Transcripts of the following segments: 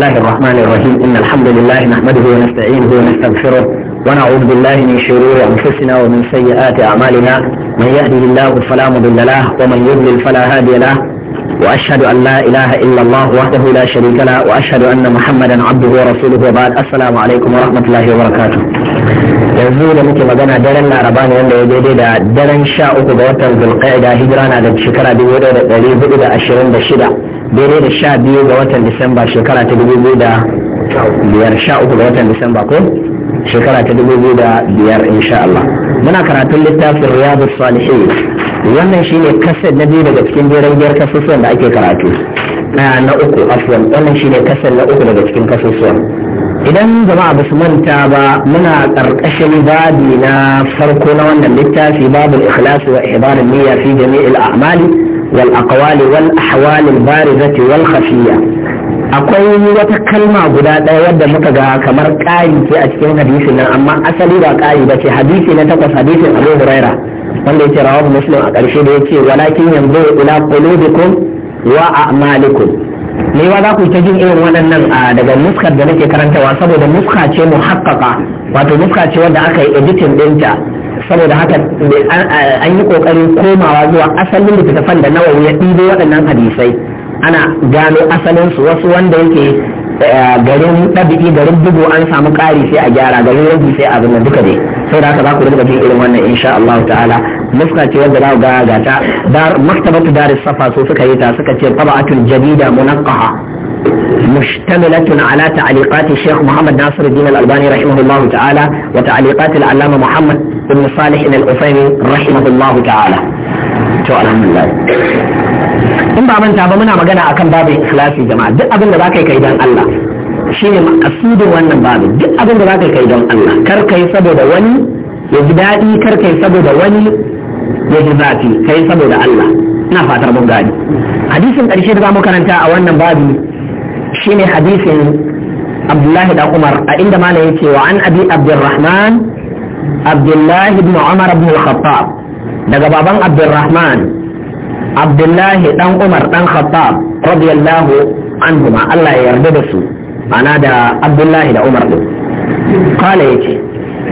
الله الرحمن الرحيم إن الحمد لله نحمده ونستعينه ونستغفره ونعوذ بالله من شرور أنفسنا ومن سيئات أعمالنا من يهده الله فلا مضل له ومن يضلل فلا هادي له وأشهد أن لا إله إلا الله وحده لا شريك له وأشهد أن محمدا عبده ورسوله وبعد السلام عليكم ورحمة الله وبركاته yanzu da muke magana daren laraba ne wanda ya daidai da daren sha uku ga watan zulqa'ida hijira na da shekara dubu da ɗari hudu da ashirin da shida daidai da sha biyu ga watan disamba shekara ta dubu biyu da biyar sha uku ga watan disamba ko shekara ta dubu biyu da biyar insha Allah muna karatun littafin riyadu salihin wannan shine kasar na biyu daga cikin jerin biyar kasusuwan da ake karatu na uku afwan wannan shine kasar na uku daga cikin kasusuwan idan jama'a ba su manta ba muna ƙarƙashin babi na farko na wannan littafi babu ikhlasu wa ihbarin niyya fi jami'il a'mali والأقوال والأحوال البارزة والخفية akwai wata kalma guda ɗaya wadda muka ga kamar ƙari ce a cikin hadisin nan amma asali ba ƙari ba ce hadisi na takwas hadisin abu huraira wanda yake rawar muslim a ƙarshe da yake walakin yanzu ila qulubikum wa a'malikum ne wa za ku ta jin irin waɗannan daga muskar da nake karantawa saboda muska ce muhaqqaqa wato muska ce wadda aka yi editing ɗinta saboda haka an yi kokarin komawa zuwa asalin littattafan da nawawi ya ɗibo waɗannan hadisai ana gano asalinsu wasu wanda yake eh, garin ɗabi'i garin bugu an samu ƙari sai a gyara garin rabi sai a zama duka ne sau da haka za ku rinka jin irin wannan insha Allah ta'ala muska ce wanda za ku ga gata maktabatu daris safa suka yi ta suka ce tab'atul jadida munaqaha مشتملة على تعليقات الشيخ محمد ناصر الدين الألباني رحمه الله تعالى وتعليقات العلامة محمد بن صالح الأثيمي رحمه الله تعالى to alhamdulillah in ba manta ba muna magana akan babin ikhlasi jama'a duk abin da za ka yi don Allah shine makasudin wannan babin duk abin da za ka yi don Allah kar ka yi saboda wani ya ji daɗi kar yi saboda wani ya ji zafi yi saboda Allah ina fatar mun gani hadisin ƙarshe da za mu karanta a wannan babi shine hadisin abdullahi da umar a inda malam yake wa an abi abdurrahman abdullahi ibn umar ibn al daga baban abdurrahman abdullahi dan umar dan khattab radiyallahu anhuma Allah ya yarda da su ana da abdullahi da umar din kala yace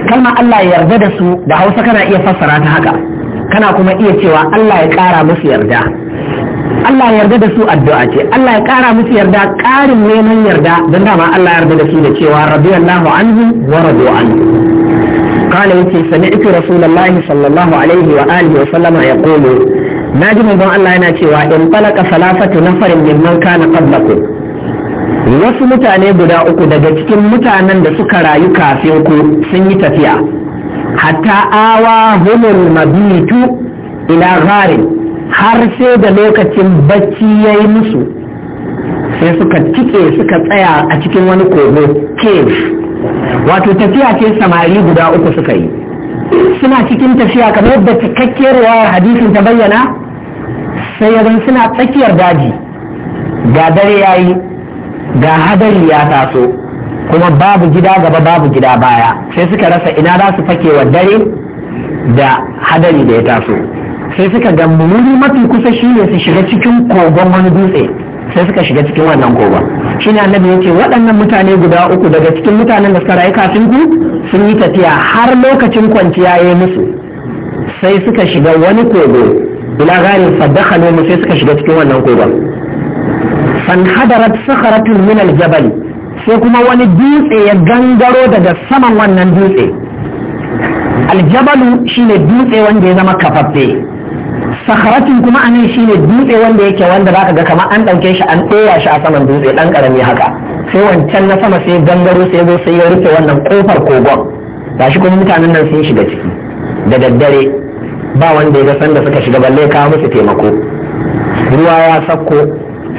kalma Allah ya yarda da su da Hausa kana iya fassara ta haka kana kuma iya cewa Allah ya kara musu yarda Allah yarda da su addu'a ce Allah ya kara musu yarda karin neman yarda don dama Allah yarda da su da cewa radiyallahu anhu wa radu anhu قال يتي سمعت رسول الله صلى الله عليه وآله وسلم يقول ناجي من الله أنا cewa ثلاثة نفر ممن كان قبلكم wasu mutane guda uku daga cikin mutanen da suka rayu kafin ku sun yi tafiya hatta awa humul mabitu ila gharin har sai da lokacin bacci ya yi musu sai suka cike suka tsaya a cikin wani kogo cave wato tafiya ce samari guda uku suka yi suna cikin tafiya kamar yadda cikakkiyar wayar hadisin ta bayyana sai yadda suna tsakiyar daji ga dare ya yi ga hadari ya taso kuma babu gida gaba babu gida baya sai suka rasa ina za su fake wa dare da hadari da ya taso sai suka ga wuri mafi kusa shi ne su shiga cikin kogon wani dutse sai suka shiga cikin wannan kogon shi ne annabi ya ce waɗannan mutane guda uku daga cikin mutanen da suka rayu kafin ku sun yi tafiya har lokacin kwanciya ya musu sai suka shiga wani kogo ila gari fa mu sai suka shiga cikin wannan kogon San hadarat sakharatun min aljabal sai kuma wani dutse ya gangaro daga saman wannan dutse aljabalu shine dutse wanda ya zama kafaffe sakharatin kuma anan shine dutse wanda yake wanda zaka ga kamar an dauke shi an ɗora shi a saman dutse dan karami haka sai wancan na sama sai gangaro sai zo sai ya rufe wannan kofar kogon gashi kuma mutanen nan sun shiga ciki da daddare ba wanda ya ga sanda suka shiga balle ka musu taimako ruwa ya sakko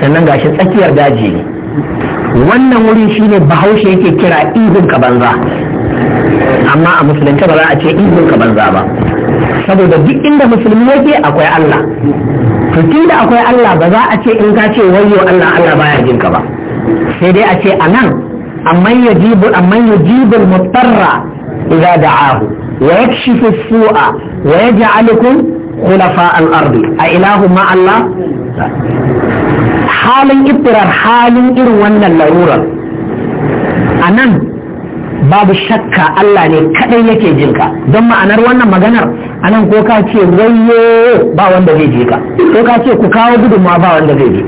sannan gashi tsakiyar daji ne wannan wuri shine bahaushe yake kira ihun ka banza amma a musulunci ba za a ce ihun ka banza ba saboda duk inda musulmi yake akwai Allah to tunda akwai Allah ba za a ce in ka ce wayyo Allah Allah baya jin ka ba sai dai a ce anan amman yajibu amman yajibu al-mutarra idza da'ahu wa yakshifu as-su'a wa yaj'alukum khulafa al a ilahu ma Allah halin ibtirar halin irin wannan larurar anan babu shakka Allah ne kadai yake jinka don ma'anar wannan maganar anan ko ka ce wayo ba wanda zai je ka ko ka ce ku kawo gudunmawa ba wanda zai je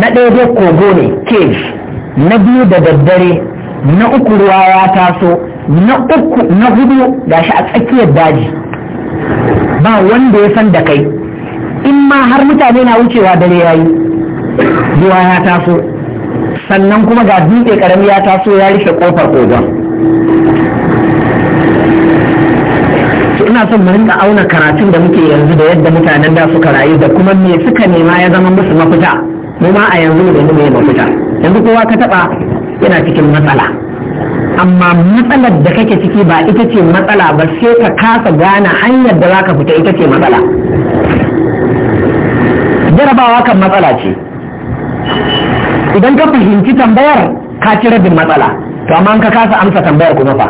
na ɗaya dai kogo ne cage na biyu da daddare na uku ruwa ya taso na uku na hudu gashi a tsakiyar daji ba wanda ya san da kai in ma har mutane na wucewa dare yi. ruwa ya taso sannan kuma ga dutse karami ya taso ya rufe kofar kogon ina son mu rinka auna karatun da muke yanzu da yadda mutanen da suka rayu da kuma me suka nema ya zama musu mafita mu ma a yanzu da mu mafita yanzu kowa ka taba yana cikin matsala amma matsalar da kake ciki ba ita ce matsala ba sai ka kasa gane hanyar da zaka fita ita ce matsala jarabawa kan matsala ce idan ka fahimci tambayar ka ci rabin matsala to amma ka kasa amsa tambayar kuma fa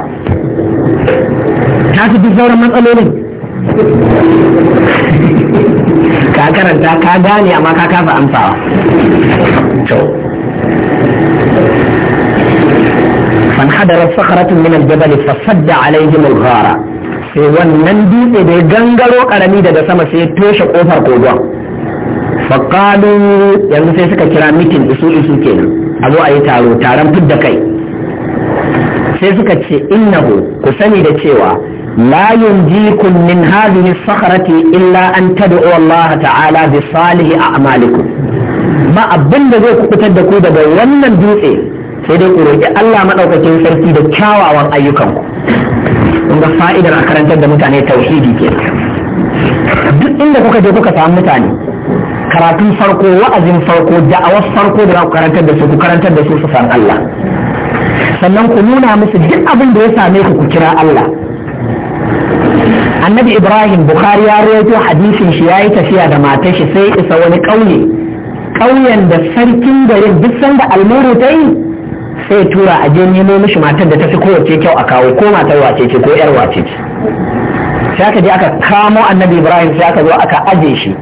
ta fi duk sauran matsalolin ka karanta ka gane amma ka kafa amsawa فانحدرت صخرة من الجبل فصد عليهم الغارة sai wannan dutse da ya gangaro karami daga sama sai toshe kofar kogon faƙalu yanzu sai suka kira mitin isu isu kenan a zo a yi taro taron fidda kai sai suka ce innahu ku sani da cewa لا ينجيكم من هذه الصخرة إلا أن تدعوا الله تعالى بصالح أعمالكم ba abin da zai kubutar daga wannan dutse sai dai ku roƙi Allah maɗaukakin sarki da kyawawan ayyukanku kun ga fa'idar a karantar da mutane tauhidi ke duk inda kuka je kuka samu mutane karatun farko wa'azin farko da'awar farko da karantar da su ku karantar da su su san Allah sannan ku nuna musu duk abin da ya same ku ku kira Allah annabi ibrahim bukhari ya rawaito hadisin shi yi tafiya da matar shi sai isa wani ƙauye ƙauyen da sarkin garin duk sanda almuru ta yi sai tura a je nemo mishi matar da ta fi kowace kyau a kawo ko matar wace ce ko yar wace ce sai aka je aka kamo annabi ibrahim sai aka zo aka aje shi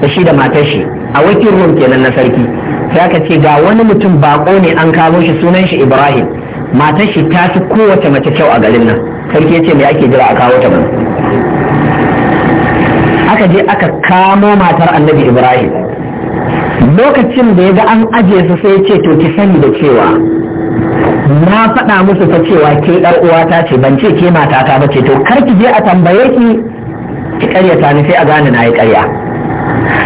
da shi da matar shi a wakil kenan na sarki sai aka ce ga wani mutum bako ne an kamo shi sunan shi ibrahim matar shi ta fi kowace mace kyau a garin nan sarki ya ce me ake jira a kawo ta mana aka je aka kamo matar annabi ibrahim lokacin da ya ga an ajiye su sai ce to ki sani da cewa na faɗa musu ta cewa ke ɗar uwata ce ban ce ke matata ba ce to kar ki je a tambaye ki ki ƙaryata ni sai a gane na yi ƙarya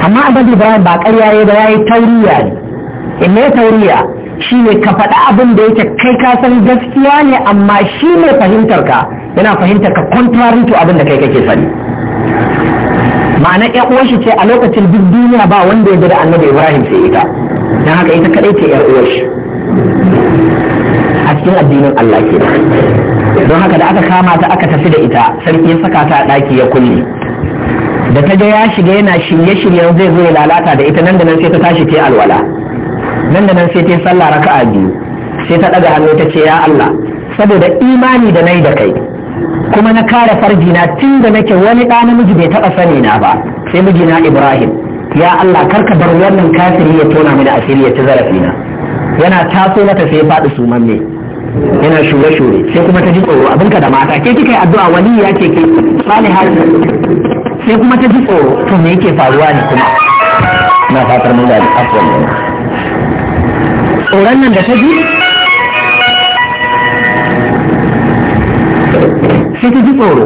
amma annabi ibrahim ba ƙarya ya da ya yi tauriya ne ina eh, ya tauriya shi ne ka faɗa abin da yake kai ka san gaskiya ne amma shi ne fahimtar ka yana fahimtar ka contrary to abin da kai kake sani ma'ana ya uwar shi ce a lokacin duk duniya ba wanda ya da annabi ibrahim sai ita don haka ita kadai ce ƴar uwar a cikin addinin Allah ke don haka da aka kama ta aka tafi da ita sarki ya saka ta a ɗaki ya kulle da ta ga ya shiga yana shirye-shiryen zai zo ya lalata da ita nan da nan sai ta tashi ta alwala nan da nan sai ta sallah raka'a biyu sai ta ɗaga hannu ta ce ya Allah saboda imani da nai da kai kuma na kare farji na tun da nake wani ɗa namiji bai taɓa sani na ba sai mijina ibrahim ya allah karka bar wannan kafiri ya tona mini asiri ya ci zarafi na yana taso mata sai ya faɗi sumamme yana shure-shure sai kuma ta ji tsoro ka da mata ke kika yi addu'a wani ya ce ke saliha sai kuma ta ji tsoro to me yake faruwa ne kuma na fatar mun da afwan tsoron nan da ta ji sai ta ji tsoro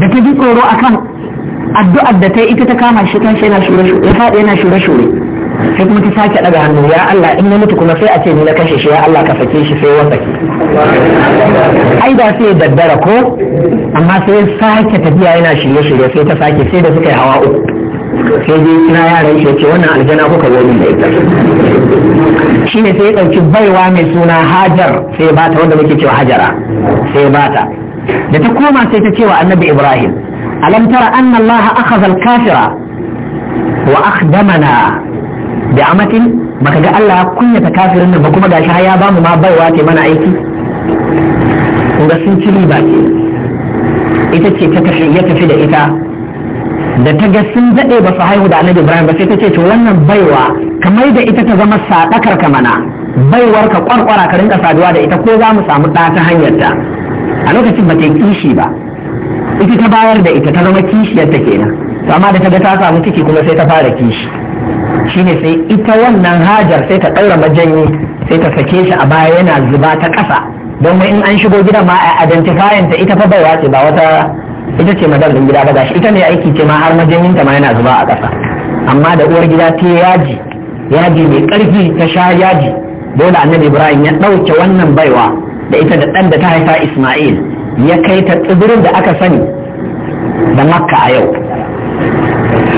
da ta ji tsoro akan addu'ar da ta yi ita ta kama shi kan shi ya faɗi yana shure shure sai kuma ta sake daga hannu ya Allah in na mutu kuma sai a ce ni na kashe shi ya Allah ka sake shi sai wasa ki ai da sai daddara ko amma sai sake tafiya yana shirye shirye sai ta sake sai da suka yi hawa uku sai dai kira yaran shi ce wannan aljana kuka zo min da ita shine sai ya dauki baiwa mai suna Hajar sai ya bata wanda muke cewa Hajara sai ya bata da ta koma sai ta cewa annabi ibrahim alam tara anna allaha akhadha al-kafira wa akhdamana bi amatin baka ga Allah kunyata kafirin nan ba kuma gashi ya bamu ma baiwa ce mana aiki Kuma sun ci riba ce ita ce ta tafi ya tafi da ita da ta ga sun daɗe ba su haihu da annabi ibrahim ba sai ta ce to wannan baiwa kamar da ita ta zama sadakar ka mana baiwar ka kwarkwara ka rinka saduwa da ita ko za mu samu ɗa ta hanyar ta a lokacin ba ta kishi ba ita ta bayar da ita ta zama kishiyar ta kenan to amma da ta ga ta samu ciki kuma sai ta fara kishi shine sai ita wannan hajar sai ta ɗaura majanyi sai ta sake shi a baya yana zuba ta kasa don in an shigo gidan ma a identifying ta ita fa bai wace ba wata ita ce madar din gida ba gashi ita ne aiki ce ma har majanyin ta ma yana zuba a kasa amma da uwar gida ta yaji yaji mai karfi ta sha yaji dole annabi ibrahim ya ɗauke wannan baiwa da ita da ɗan da ta haifa Ismail ya kai ta tsibirin da aka sani da makka a yau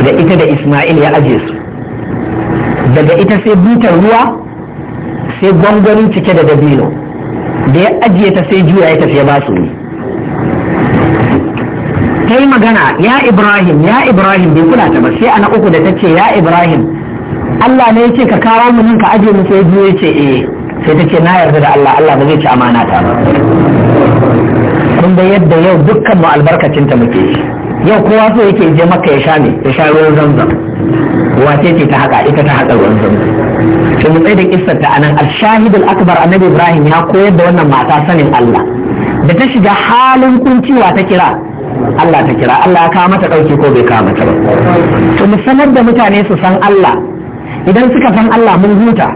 da ita da Ismail ya aje su daga ita sai butar ruwa sai gwangwani cike da dabino da ya ajiye ta sai juya ya tafi ya ba su ta yi magana ya Ibrahim ya Ibrahim bai kula ta ba sai ana uku da ta ce ya Ibrahim Allah ne ya ce ka kawo mu nan ka aje mu sai juya ya ce eh sai ta ce na yarda da Allah Allah ba zai ci amana ta ba kun da yadda yau dukkan mu albarkacin ta muke yau kowa so yake je maka ya sha ne ya sha ruwan zamzam wace ce ta haka ita ta haka ruwan zamzam to mu tsaye da kissar ta anan al-shahidul akbar annabi Ibrahim ya koyar da wannan mata sanin Allah da ta shiga halin kunciwa ta kira Allah ta kira Allah ya kawo mata ɗauki ko bai kawo mata ba to mu sanar da mutane su san Allah idan suka san Allah mun huta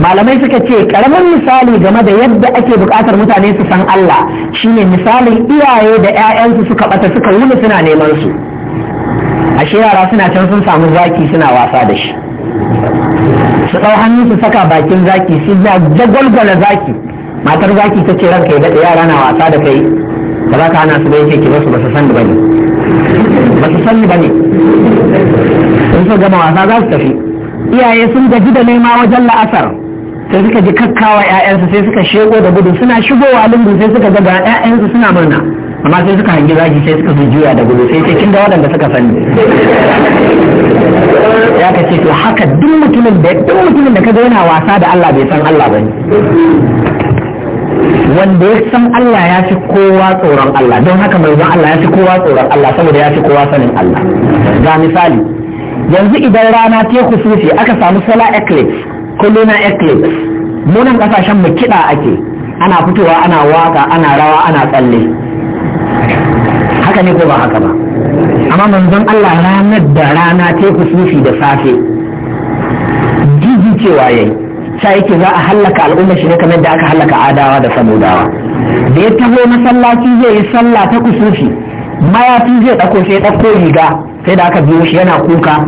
malamai suka ce karamin misali game da yadda ake bukatar mutane su san Allah shine misalin iyaye da 'ya'yansu suka bata suka wuni suna neman su ashe yara suna can sun samu zaki suna wasa da shi su ɗau hannu su saka bakin zaki su jagwalgwala zaki matar zaki ta ce ranka ya daɗe yara na wasa da kai ba za ka hana su bai yake ki basu ba su san ba ne. ba su san ba ne. sun so gama wasa za su tafi iyaye sun gaji da nema wajen la'asar sai suka ji kakkawa 'ya'yansu sai suka shego da gudu suna shigowa lungu sai suka ga 'ya'yansu suna murna amma sai suka hangi zaki sai suka zo juya da gudu sai cikin da waɗanda suka sani ya ka ce to haka duk mutumin da duk mutumin da kaga yana wasa da Allah bai san Allah bane wanda ya san Allah ya fi kowa tsoron Allah don haka mai Allah ya fi kowa tsoron Allah saboda ya fi kowa sanin Allah ga misali yanzu idan rana ta kusufi aka samu solar eclipse kullum eclipse munan kasashen mu kiɗa ake ana fitowa ana waka ana rawa ana tsalle haka ne ko ba haka ba amma manzon Allah ranar da rana ta kusufi da safe jijicewa cewa yayi sai yake za a hallaka al'umma shi ne kamar da aka hallaka adawa da samudawa da ya taho masallaci zai yi sallah ta kusufi mayafi zai ɗauko sai ɗauko riga sai da aka biyo shi yana kuka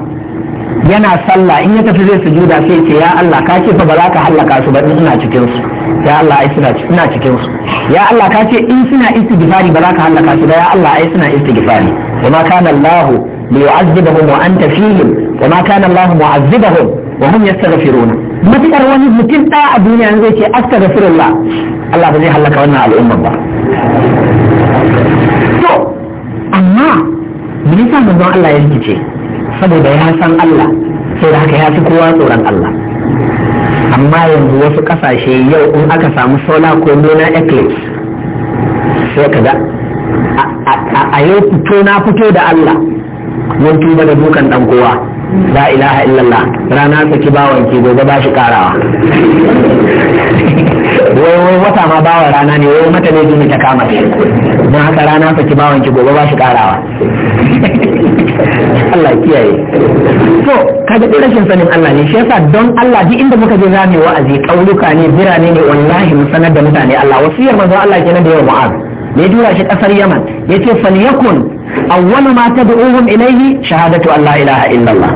yana sallah in ya tafi zai sujuda sai ce ya Allah ka ce fa ba za ka hallaka su ba in ina cikin su ya Allah ai suna ina cikin su ya Allah ka ce in suna istighfari ba za ka hallaka su ba ya Allah ai suna istighfari wa ma kana Allah liyu'azzibahum wa anta fihim wa ma kana Allah mu'azzibahum wa hum yastaghfiruna matakar wani mutum da a duniya zai ce astaghfirullah Allah ba zai hallaka wannan al'umma ba to amma me yasa manzon Allah ya ce. saboda ya san Allah sai da haka ya fi kowa tsoron Allah amma yanzu wasu kasashe yau in aka samu sola ko nuna eclipse sai ka ga a yau fito na fito da Allah mun tuba da dukan dan kowa la ilaha illallah rana saki bawan ki gobe ba shi karawa wai wai wata ma bawa rana ne wai mata ne jini ta kama ta don haka rana saki bawan ki gobe ba shi karawa Allah kiyaye to kaga dai rashin sanin Allah ne shi yasa don Allah duk inda muka je zamu wa'azi kauluka ne birane ne wallahi mu sanar da mutane Allah wasiyar manzon Allah kenan da yawa mu'az ya tura shi kasar yaman ya ce falyakun awwal ma tad'uhum ilayhi shahadatu an la ilaha illallah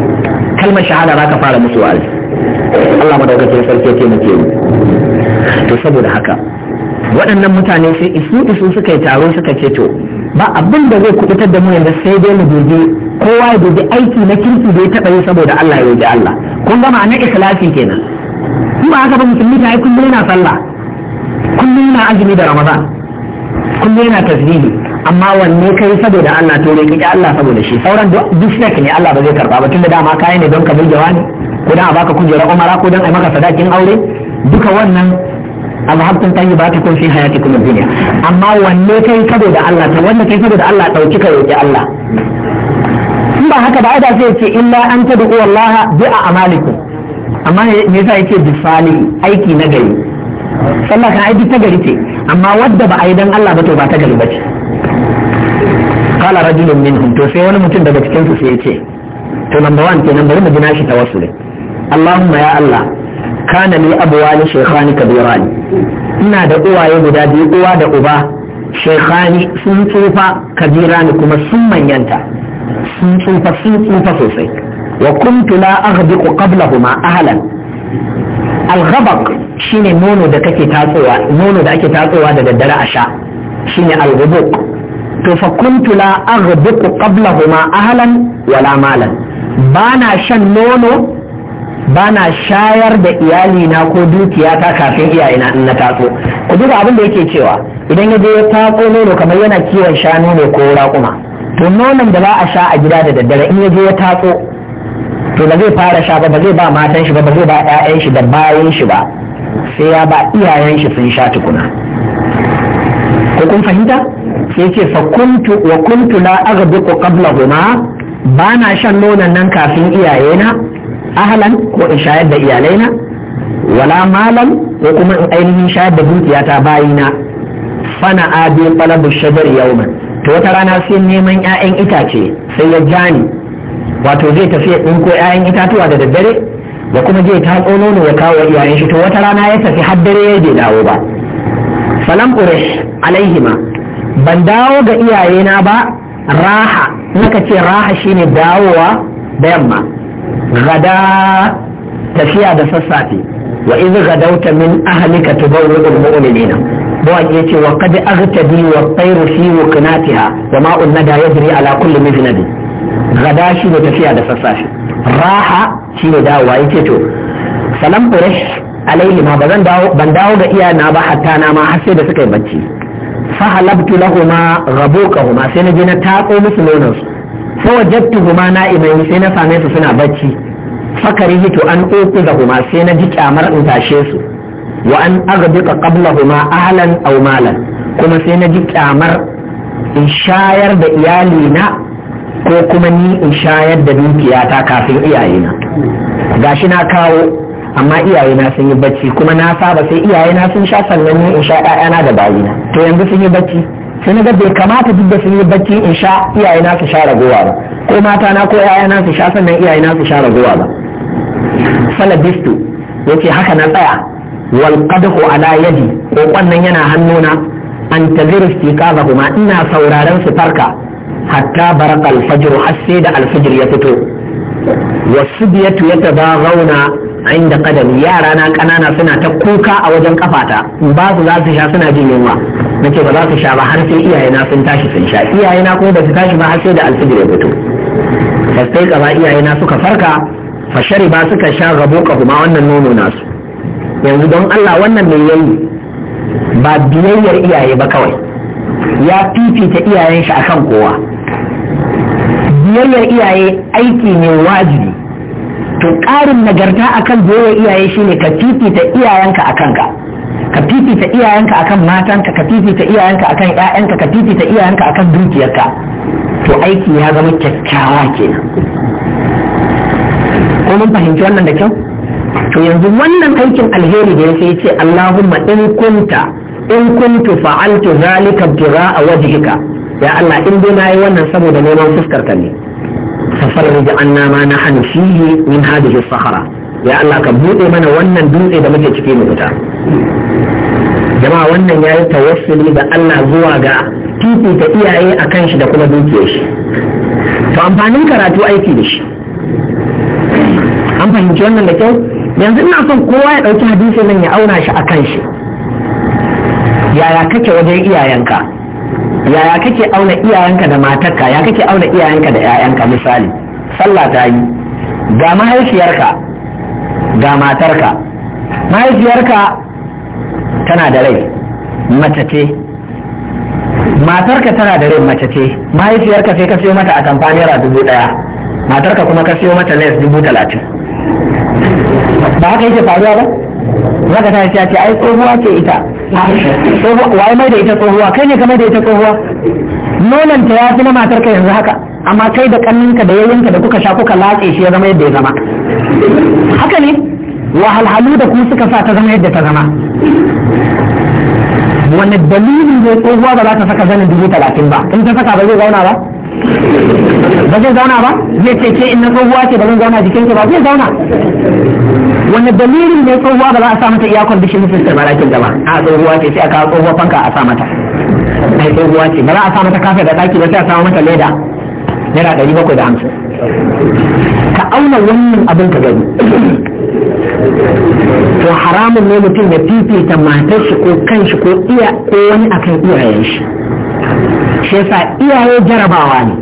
kalmar shahada za ka fara musu wa'azi Allah madaukakin sarki yake muke yi to saboda haka waɗannan mutane sai isu isu suka yi taro suka ce to ba abin da zai kubutar da mu yanzu sai dai mu dubi kowa ya dubi aiki na kirki da ya taɓa yi saboda Allah ya roƙi Allah kun gama na ikhlasi kenan kuma haka ba musulmi ta yi kullum na sallah kullum yana azumi da ramadan kullum yana tasbihi amma wanne kai saboda Allah to ne kike Allah saboda shi sauran duk fake ne Allah ba zai karba ba tunda dama kai ne don ka bil ne ko dan a baka kujera umara ko dan a maka sadakin aure duka wannan azhabtum tayyibatikum fi hayatikum ad-dunya amma wanne kai saboda Allah to wanne kai saboda Allah dauki ka roki Allah in ba haka ba da sai yace illa an tad'u Allah bi a'malikum amma me yasa yake bi aiki na gari sallah ka aiki ta gari ce amma wadda ba a yi dan Allah ba to ba ta gari ba ce kala rajulun minhum to sai wani mutum daga cikin su sai ya ce to number 1 nan bari mu gina shi ne. Allahumma ya Allah kana li abwali shaykhani kabirani ina da uwaye guda biyu uwa da uba shaykhani sun tsufa kabirani kuma sun manyanta sun tsufa sun tsufa sosai wa kuntu la aghdiqu qablahuma ahlan al shine nono da kake tatsowa nono da ake tatsowa da daddare a sha shine al to fa kuntu la huma qablahuma ahlan wala malan bana shan nono bana shayar da iyali na ko dukiyata kafin iyayena in na tatso ku duba abin da yake cewa idan ya je ya tatso nono kamar yana kiwon shanu ne ko raƙuma to nonon da za a sha a gida da daddare in ya je ya tatso to ba zai fara sha ba ba zai ba matan shi ba ba zai ba ƴaƴan shi da bayan shi ba sai ya ba iyayen shi sun sha tukuna ko kun fahimta sai ce fa kuntu wa kuntu la aghdiqu qablahuma ba na shan nonon nan kafin iyaye iyayena ahlan ko in shayar da iyalaina wala malam ko kuma in ainihin shayar da dukiyata bayina fana abi talabu shajar yawman to wata rana sai neman 'ya'yan itace sai ya jani wato zai tafi ya ɗinko 'ya'yan itatuwa da daddare da kuma zai tatso nono ya kawo iyayen shi to wata rana ya tafi har dare ya bai dawo ba falam alaihima ban dawo ga iyayena ba raha naka ce raha shine dawowa da yamma gada tafiya da sassafe wa idh gadawta min ahlika tubawwi'ul mu'minina bawan ya ce wa qad aghtadi wa tayru fi wa ma'un nada yajri ala kulli mifnadi gada shi ne tafiya da sassafe raha shi ne dawowa ya ce to salam quraish alaihi ma bazan dawo ban dawo ga iyana ba hatta na ma har sai da suka yi bacci fa halabtu lahuma rabuqahuma sai na je na tatso musu nonon su fa huma na'imai sai na same su suna bacci fa hito an uqidahuma sai na ji kyamar in tashe su wa an aghdiqa huma ahlan aw malan kuma sai na ji kyamar in shayar da iyalina. ko kuma ni in shayar da dukiyata kafin iyayena gashi na kawo amma iyayena sun yi bacci kuma na saba sai iyayena sun sha sannan ni in sha ƴaƴana da bayina to yanzu sun yi bacci sai na ga bai kamata duk da sun yi bacci in sha iyayena su sha ragowa ba ko mata na ko ƴaƴana su sha sannan iyayena su sha ragowa ba salabistu yace haka na tsaya wal qadhu ala yadi ko wannan yana hannuna an taziru istiqazahuma ina sauraron su farka hatta bara alfajr har sai da alfajir ya fito wasu biyatu ya taba inda kadami yara na kanana suna ta kuka a wajen kafata ba su za su sha suna jin yunwa na ce ba za su sha ba har sai iyayena sun tashi sun sha iyayena kuma ba su tashi ba har sai da alfajir ya fito fastai kaba iyayena suka farka fashari ba suka sha rabo kuma wannan nono nasu yanzu don allah wannan mai yayi ba biyayyar iyaye ba kawai ya fifita iyayen shi akan kowa biyayyar iyaye aiki ne wajibi to ƙarin nagarta akan biyayyar iyaye shine ka fifita iyayenka akan ka ka fifita iyayenka akan matanka ka fifita iyayenka akan ƴaƴanka ka fifita iyayenka akan dukiyarka to aiki ya zama kyakkyawa kenan ko mun fahimci wannan da kyau to yanzu wannan aikin alheri da ya sai ce Allahumma in kunta in kuntu fa'altu zalika a wajhika ya Allah in dai nayi wannan saboda neman fuskar ka ne fafarrij anna ma nahnu fihi min hadhihi as-sahara ya Allah ka bude mana wannan dutse da muke cike mu fita jama'a wannan yayi tawassuli da Allah zuwa ga ta iyaye akan shi da kuma dukiyar shi to amfanin karatu aiki da shi an fahimci wannan da kyau yanzu ina son kowa ya ɗauki hadisi nan ya auna shi a kan shi yaya kake wajen iyayenka yaya kake auna iyayenka da matarka ya kake auna iyayenka da 'ya'yanka misali sallah ta yi ga mahaifiyarka ga matarka mahaifiyarka tana da rai mace ce matarka tana da rai mace ce mahaifiyarka sai ka siyo mata a kamfaniyar dubu daya matarka kuma ka siyo mata les dubu talatin ba haka yake faruwa ba zaka ta ce ce ai tsohuwa ce ita tsohuwa wai mai da ita tsohuwa kai ne ka mai da ita tsohuwa nonon ta ya fi na matar ka yanzu haka amma kai da kanninka da yayyanka da kuka sha kuka latse shi ya zama yadda ya zama haka ne wahalhalu da ku suka sa ta zama yadda ta zama wani dalilin ne tsohuwa ba za ta saka zanin dubu talatin ba in ta saka ba zai zauna ba ba zai zauna ba zai ce ce in na tsohuwa ce ba zan zauna jikinki ba zai zauna wani dalilin ne tsohuwa ba za a sa mata iyakon condition system a ɗakin gaba a tsohuwa ce sai a kawo tsohuwa fanka a sa mata ai tsohuwa ce ba za a sa mata kafa da ɗaki ba sai a sa mata leda naira ɗari bakwai da hamsin ka auna wannan abin ka gani to haramun ne mutum ya fifita matar shi ko kanshi ko iya ko wani akan iyayen shi shi yasa iyaye jarabawa ne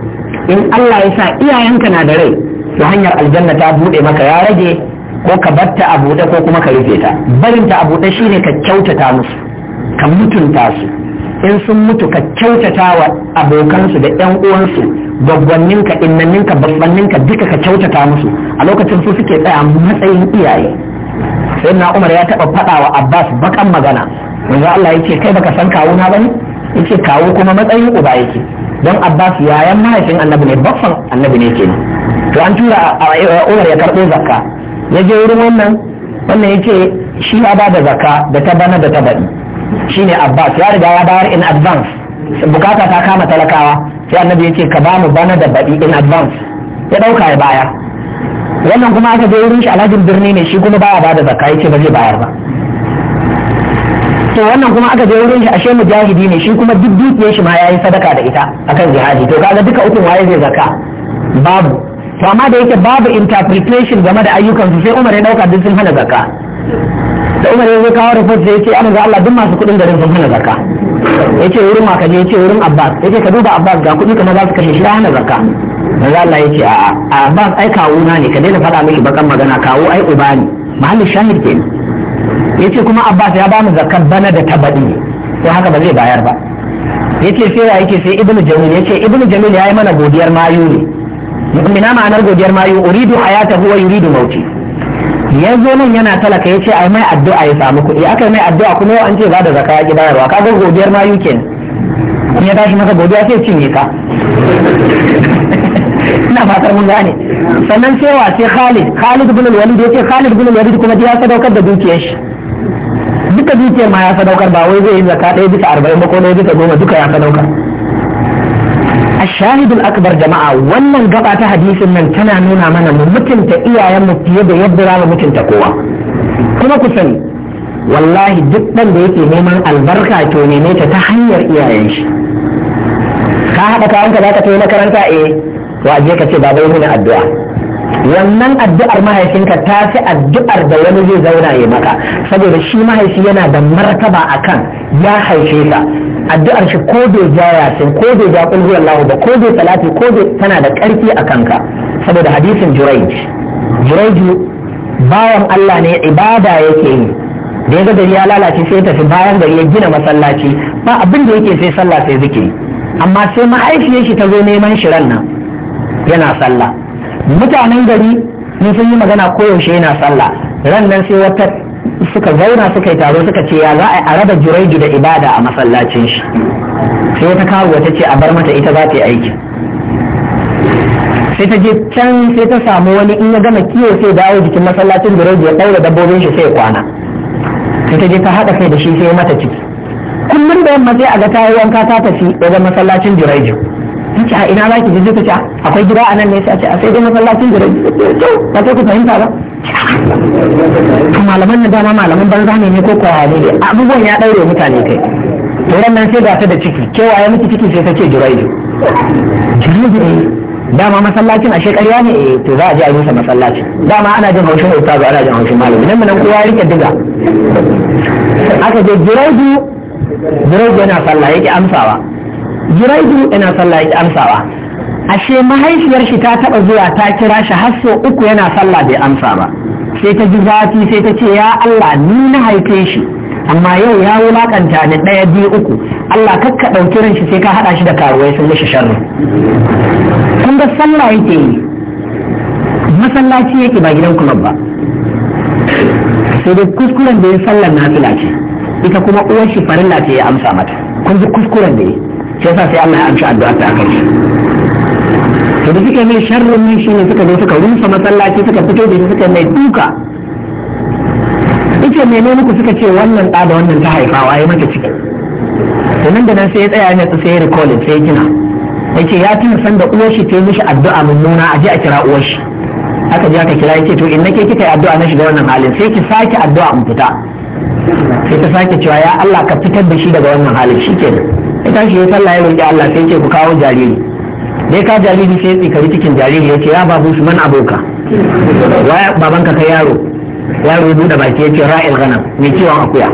in Allah ya sa iyayenka na da rai ta hanyar aljanna ta buɗe maka ya rage ko ka batta a buɗe ko kuma ka rufe ta barin ta a buɗe shine ka kyautata musu ka mutunta su in sun mutu ka kyautata wa abokansu da yan uwansu ka innanninka ka duka ka kyautata musu a lokacin su suke tsaya matsayin iyaye sai na umar ya taba faɗawa wa abbas bakan magana manzo allah ya ce kai baka san kawo ba bane yake kawo kuma matsayin uba yake don abbas yayan mahaifin annabi ne baffan annabi ne kenan to an tura umar ya karɓo zakka ya je wurin wannan wannan ya ce shi ya ba da zaka da ta bana da ta baɗi shi ne abbas ya riga ya bayar in advance bukata ta kama talakawa sai annabi ya ce ka ba mu bana da baɗi in advance ya ɗauka ya bayar wannan kuma aka je wurin shi alhajin birni ne shi kuma baya ba da zaka ya ce ba zai bayar ba to wannan kuma aka je wurin shi ashe mujahidi ne shi kuma duk dukiyar shi ma yayi sadaka da ita akan jihadi to kaga duka ukun waye zai zaka babu to amma da yake babu interpretation game da ayyukan su sai Umar ya dauka duk sun hana zakka da Umar ya kawo report sai yace an ga Allah duk masu kudin garin sun hana zakka yace wurin makaje yace wurin Abbas yace ka duba Abbas ga kudi kamar za su kashe shi hana zakka manzo Allah yace a a Abbas ai kawo na ne ka daina faɗa miki bakan magana kawo ai uba ne mahallin shahid ke yace kuma Abbas ya ba mu zakkar bana da tabadi to haka ba zai bayar ba yace sai ya yake sai Ibn Jamil yace Ibn Jamil yayi mana godiyar mayu ne mu'mina ma'anar godiyar ma uridu hayata huwa yuridu mauti yanzu nan yana talaka ya ce ai mai addu'a ya samu kuɗi aka mai addu'a kuma an ce ba da zaka ki bayarwa kaga godiyar ma yuke in ya tashi masa godiya sai cinye ka ina fatar mun gane sannan sai wa sai Khalid Khalid bin al-Walid yace Khalid bin al-Walid kuma ya sadaukar da dukiyar shi duka dukiyar ma ya sadaukar ba wai zai yi zakka ɗaya bisa arba'in ba ko ɗaya bisa goma duka ya sadaukar ashahidul akbar jama'a wannan gaba ta hadisin nan tana nuna mana mu mutunta iyayenmu fiye da yadda za mu mutunta kowa kuma ku sani wallahi duk ɗan da yake neman albarka to neme ta hanyar iyayen shi ka haɗa kayanka za ka tafi makaranta eh to aje ka ce baba yi mini addu'a wannan addu'ar mahaifinka ta fi addu'ar da wani zai zauna ya maka saboda shi mahaifi yana da martaba akan ya haife ka addu'ar shi ko bai ja yasin ko bai ja kulhu Allah ba ko bai salati ko bai tana da karfi a kanka saboda hadisin juraij juraij bayan Allah ne ibada yake yi da ya gari ya lalace sai tafi bayan gari ya gina masallaci ba abin da yake sai sallah sai zikiri amma sai mahaifiyar shi ta zo neman shirin nan yana sallah mutanen gari sun sun yi magana koyaushe yana sallah ran nan sai wata suka zauna suka yi taro suka ce ya za a raba juraidi da ibada a masallacin shi sai wata karuwa ta ce a bar mata ita za ta yi aiki sai ta je can sai ta samu wani in ya gama kiwo sai dawo jikin masallacin juraidi ya ɗaura dabbobin shi sai kwana sai ta je ta haɗa kai da shi sai mata ciki kullum da yamma sai a ga ta wanka ta tafi wajen masallacin juraidi ce a ina za ki jirgin ta ce akwai gida a nan ne sai a sai dai masallacin gida to ba sai ku fahimta ba malaman na dama malaman banza ne ne ko kwaya ne abubuwan ya ɗaure mutane kai to nan sai ga ta da ciki kewa ya miki ciki sai ta ce ne jirai ne dama masallacin a shekarya ne eh to za a je a rusa masallacin dama ana jin haushin ustazu ana jin haushin malami nan nan kowa ya rike diga aka je jiraidu jiraidu yana sallah yake amsawa jiraidu yana sallah ya amsawa ashe mahaifiyar shi ta taba zuwa ta kira shi har sau uku yana sallah bai amsa ba sai ta ji zafi sai ta ce ya Allah ni na haife shi amma yau ya wulakanta ni ɗaya biyu uku Allah kakka ɗauki ran shi sai ka haɗa shi da karuwai sun mishi sharri kun ga sallah yake yi masallaci yake ba gidan kuma ba sai dai kuskuren da ya sallar na ce ita kuma uwar shi farilla ce ya amsa mata kun ji kuskuren da ya Sai sa sai Allah ya amsa addu'a ta akai shi to da suka mai sharrin ne shi ne suka zo suka rusa masallaci suka fito da shi suka mai duka ita mene muku suka ce wannan ɗa da wannan ta haifa waye mata ciki to nan da nan sai ya tsaya ya sai ya recall sai ya kina yace ya tuna san da uwar shi ta mishi addu'a mummuna a a kira uwar shi aka je aka kira yace to in nake kika yi addu'a na shiga wannan halin sai ki sake addu'a in fita sai ta sake cewa ya Allah ka fitar da shi daga wannan halin shikenan tashi ya sallah ya roƙi Allah sai ce ku kawo jariri dai ka jariri sai tsikari cikin jariri ya ce ya babu su man aboka waya babanka kai yaro yaro ya buɗe baki ya ce ra'il ganam mai ciwon akuya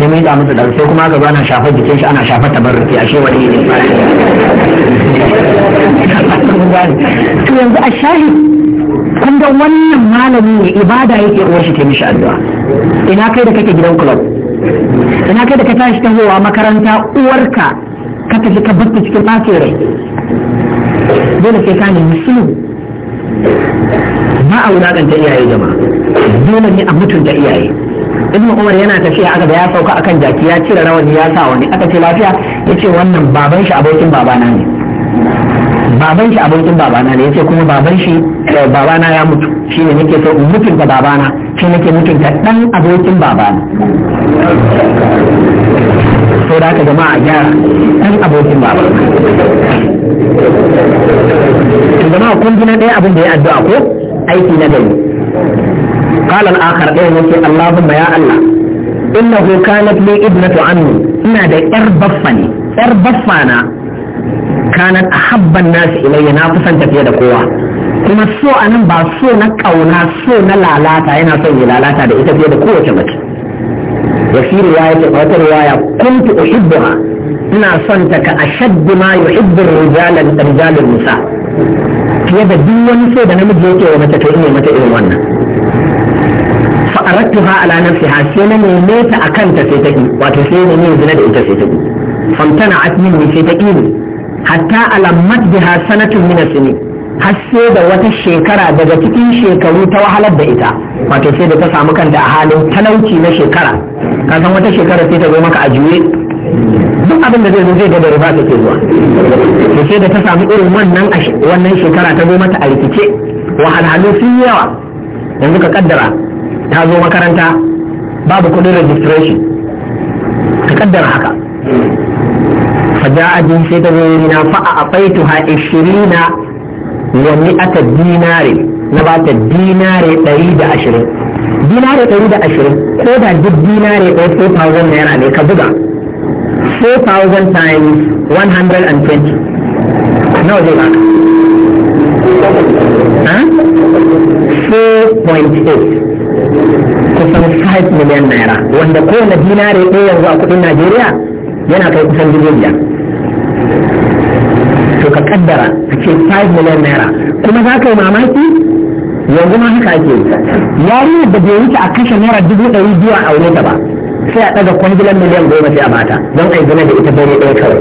ya mai da da sai kuma gaba na shafar jikin shi ana shafar tabarruki a shi wani ne to yanzu a shahi kun wannan malami ne ibada yake uwar shi ke mishi addu'a ina kai da kake gidan club Ina haka da ka tashi ta tahowa makaranta uwarka ka tafi ka bar cikin ɓace rai dole sai ka nemi ba a wulaƙanta iyaye jama'a dole ne a mutunta iyaye ibn umar yana tafiya aka da ya sauka akan jaki ya cire rawani ya sa wani aka ce lafiya ya ce wannan baban shi abokin babana ne baban shi abokin babana ne yace kuma baban shi eh, babana ya mutu shi ne nake so in mutunta babana shi nake mutunta dan abokin babana so da haka jama'a gyara dan abokin babana to jama'a kun ji na ɗaya abin da ya addu'a ko aiki na gari قال الآخر إيه اللهم يا الله إنه كانت لي ابنة عني إنا دي إر بفني إر بفانا Kanan a habban nasu ilayya na kusan tafiye da kowa kuma so a nan ba so na kauna so na lalata yana son ya lalata da ita fiye da kowace mace yasiru ya yake wata waya, kuntu uhibbuha ina son ta ka ashaddu ma yuhibbu rijalan rijalul nisa fiye da duk wani so da namiji yake wa mace to ina mata irin wannan fa ha ala nafsiha sai na neme ta akan ta sai ta ki wato sai ne ne zina da ita sai ta ki famtana atmin sai ta ki ne hatta alammat biha sanatun min sini har sai da wata shekara daga cikin shekaru ta wahalar da ita wato sai da ta samu kanta a halin talauci na shekara ka san wata shekara sai ta zo maka a juye duk abin da zai zo zai gaba riba take zuwa to sai da ta samu irin wannan wannan shekara ta zo mata a rikice wahalhalu sun yawa yanzu ka kaddara ta zo makaranta babu kudin registration ka kaddara haka فجاء جنسي تغيرنا فأعطيتها عشرين لمئة دينار نبات الدينار تريد عشرين dinare 120 ko da duk dinare 4,000 naira ne ka buga 4,000 times 120 nawa zai ba ka 4.8 kusan 5 million naira wanda kowane dinare ɗaya yanzu a kuɗin najeriya yana kai kusan dubu biyar to ka kaddara a ce 5 million naira kuma za ka yi mamaki yanzu ma haka ake yarinyar da bai wuce a kashe naira dubu ɗari biyu a aure ta ba sai a ɗaga kwangilan miliyan goma sai a bata don a yi gina da ita bai ɗaya kawai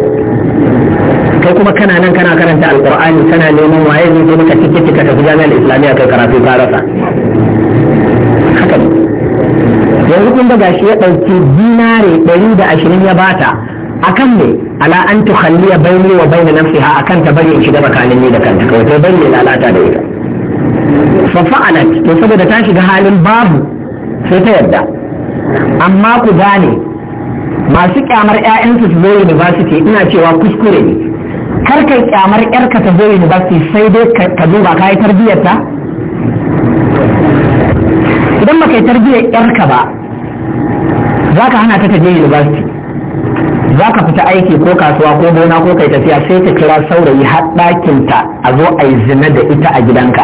kai kuma kana nan kana karanta alkur'ani kana neman waye ne ko maka tikiti ka tafi jami'ar islamiyya kai karatu ka rasa haka ne yanzu kun da gashi ya ɗauki dinare ɗari da ashirin ya bata akan ne ala an tukhalliya baini wa baina nafsiha akan ta bari in shiga bakanin ni da kanta kawai sai bari lalata da ita fa fa'alat to saboda ta shiga halin babu sai ta yadda amma ku gane masu kyamar ƴaƴansu su zo university ina cewa kuskure ne kar kai kyamar ƴarka ta zo university sai dai ka duba ka yi tarbiyyarta idan ba kai tarbiyyar yarka ba za ka hana ta taje university za ka fita aiki ko kasuwa ko gona ko kai tafiya sai ka kira saurayi har ɗakinta a zo a yi zina da ita a gidanka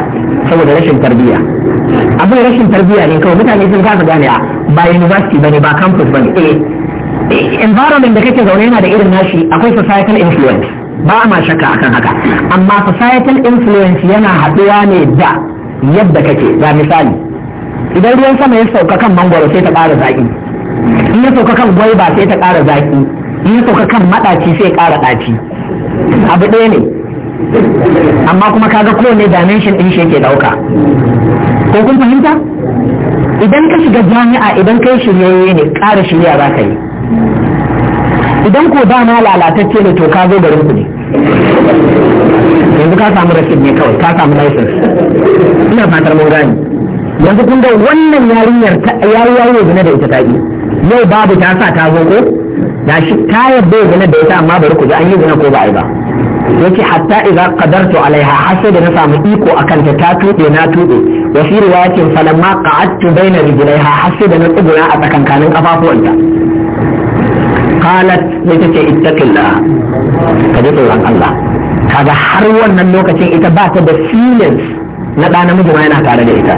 saboda rashin tarbiyya abin rashin tarbiyya ne kawai mutane sun kasa gane a ah, ba university bane ba campus bane eh, eh environment da kake zaune yana da irin nashi akwai societal influence ba ma shakka akan haka amma societal influence yana haɗuwa ne da yadda kake ga misali idan ruwan sama ya sauka kan mangoro sai ta ƙara zaƙi in ya sauka kan gwaiba sai ta ƙara zaƙi in ya sauka kan maɗaci sai ya ƙara ɗaci abu ɗaya ne amma kuma kaga kowane dimension ɗin shi yake ɗauka ko kun fahimta idan ka shiga jami'a idan kai shiryayye ne ƙara shirya za ka yi idan ko dama lalatacce ne to ka zo garin ku ne yanzu ka samu rashin ne kawai ka samu license ina fatar mun gani yanzu kun wannan yarinyar yayi yayi zina da ita ta yi yau babu ta sa ta zo ko shi ta yadda ya zina da ita amma bari ku ji an yi zina ko ba a yi ba yace hatta idza qadartu alaiha har da na samu iko akan ta ta tuɗe na tuɗe wa fi riwayatin falamma qa'adtu baina rijlaiha har da na tsuguna a tsakankanin kafafuwanta qalat sai tace ittaqillah ka ji tsoron Allah kaga har wannan lokacin ita ba ta da feelings na ɗa namiji ma yana tare da ita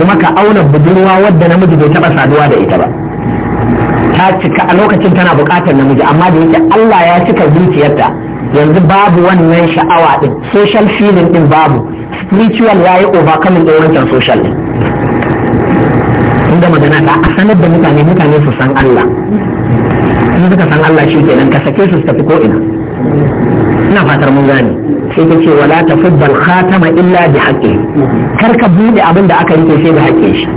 kuma ka auna budurwa wadda namiji bai taba saduwa da ita ba ta cika a lokacin tana bukatar namiji amma da yake Allah ya cika zuciyarta yanzu babu wannan sha'awa din social feeling din babu spiritual yayi overcoming din wancan social din inda magana ta a sanar da mutane mutane su san Allah in suka san Allah shi kenan ka sake su tafi ko ina ina fatar mun gane sai ta ce wala ta fubbal khatama illa bi haqqi kar ka bude abin da aka rike sai da haƙƙin shi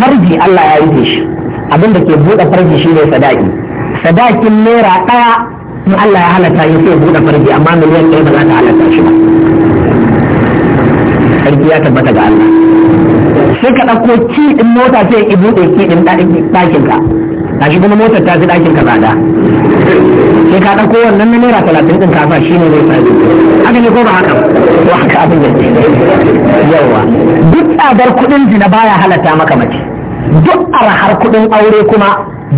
farji Allah ya rike shi abin da ke buɗe farji shi ne sadaki sadakin naira ɗaya in Allah ya halatta ya sai bude farji amma miliyan ɗaya ba za ta halatta shi ba farji ya tabbata ga Allah sai ka ɗauko ki ɗin mota sai ki buɗe ki ɗin ɗakin ka a shi kuma motar ta fi ɗakin ka tsada sai ka ɗauko wannan na naira talatin ɗin kafa shi ne zai tsada haka ne ko ba haka ba haka abin da yawa duk tsadar kuɗin zina baya halatta maka mace duk arahar kuɗin aure kuma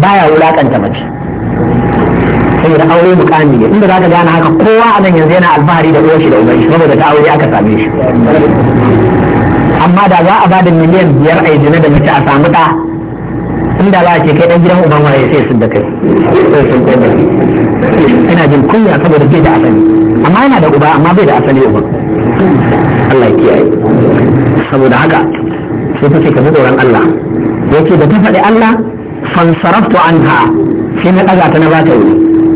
baya wulakanta mace saboda aure mukami ne inda zaka ka gane haka kowa a nan yanzu yana alfahari da uwar shi da uban saboda ta aure aka same shi amma da za a bada miliyan biyar a izina da mace a samu ɗa inda ba a ce kai dan gidan uban ya sai sun da kai sai sun kai ina jin kunya saboda bai da asali amma yana da uba amma bai da asali uba. Allah ya kiyaye saboda haka sai ta ce ka tsoron Allah yake da ta faɗi Allah fansaraftu anha sai na ɗaga ta na ba ta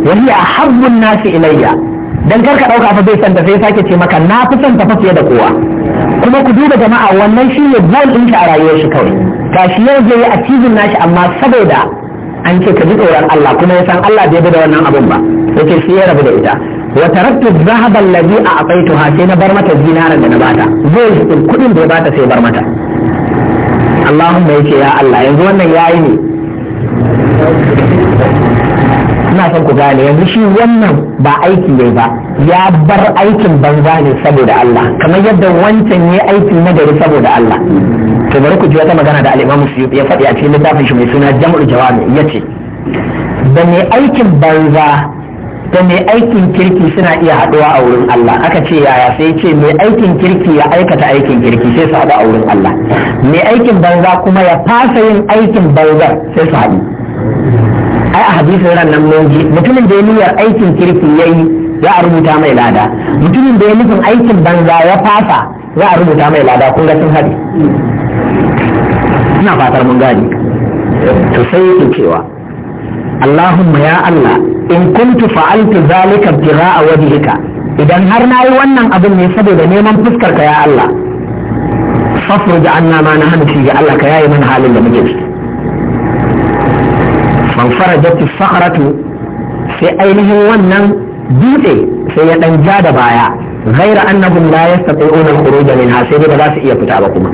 wuri wahiya habbun nasi ilayya dan karka ɗauka fa bai san da sai sake ce maka na fi ta fa fiye da kowa kuma ku duba jama'a wannan shi ne goal ɗin shi a rayuwar shi kawai shi yau zai yi atizin nashi amma saboda an ce ka ji tsoron Allah kuma ya san Allah bai da wannan abun ba yace shi ya rabu da ita wa taraktu dhahaba alladhi a'taytuha sai na bar mata zinaran da na bata zai yi kudin da ya bata sai bar mata Allahumma ce ya Allah yanzu wannan yayi ne ina son ku gane yanzu shi wannan ba aiki ne ba ya bar aikin banza ne saboda Allah kamar yadda wancan ya aiki na gari saboda Allah to bari ku ji wata magana da al'imamu su Suyuti ya faɗi a cikin littafin shi mai suna Jam'ul Jawami yace da mai aikin banza da mai aikin kirki suna iya haɗuwa a wurin Allah aka ce yaya sai ce mai aikin kirki ya aikata aikin kirki sai su haɗu a wurin Allah mai aikin banza kuma ya fasa yin aikin banzar sai su haɗu ai a hadisi ran nan mun ji mutumin da ya niyyar aikin kirki yayi za a rubuta mai lada mutumin da ya nufin aikin banza ya fasa za a rubuta mai lada kun ga sun haɗu ina fatar mun gane to sai yake cewa Allahumma ya Allah in kuntu fa'altu zalika a wajhika idan har na yi wannan abin ne saboda neman fuskar ka ya Allah fafruj anna ma na hanci ga Allah ka yayi mana halin da muke ciki fan farajatu sakaratu sai ainihin wannan dutse sai ya dan ja da baya ghaira annahum la yastati'una al-khuruj minha sai dai ba za su iya fita ba kuma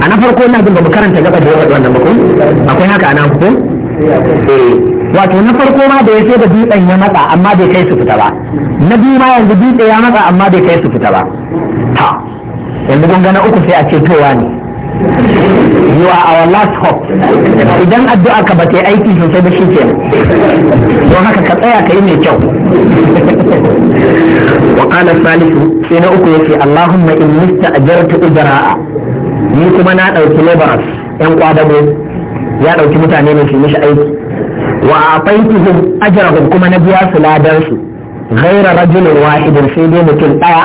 a na farko ina jin ba mu karanta gaba da wannan ba ko akwai haka a nan ko Eh, wato na farko ma da ya ce da dutsen ya matsa amma bai kai su fita ba na biyu ma yanzu dutse ya matsa amma bai kai su fita ba Ha, yanzu gunga na uku sai a ce towa ne you are our last hope idan addu'a ka ba ta aiki sosai ba shi ke don haka ka tsaya ka yi mai kyau wa qala salisu sai na uku yace allahumma in inni ta ujra'a ni kuma na ɗauki labaras yan kwadago ya ɗauki mutane ne su mishi aiki wa ataituhum ajrahum kuma na biya su ladan su Gaira rajulin wahidin sai dai mutum ɗaya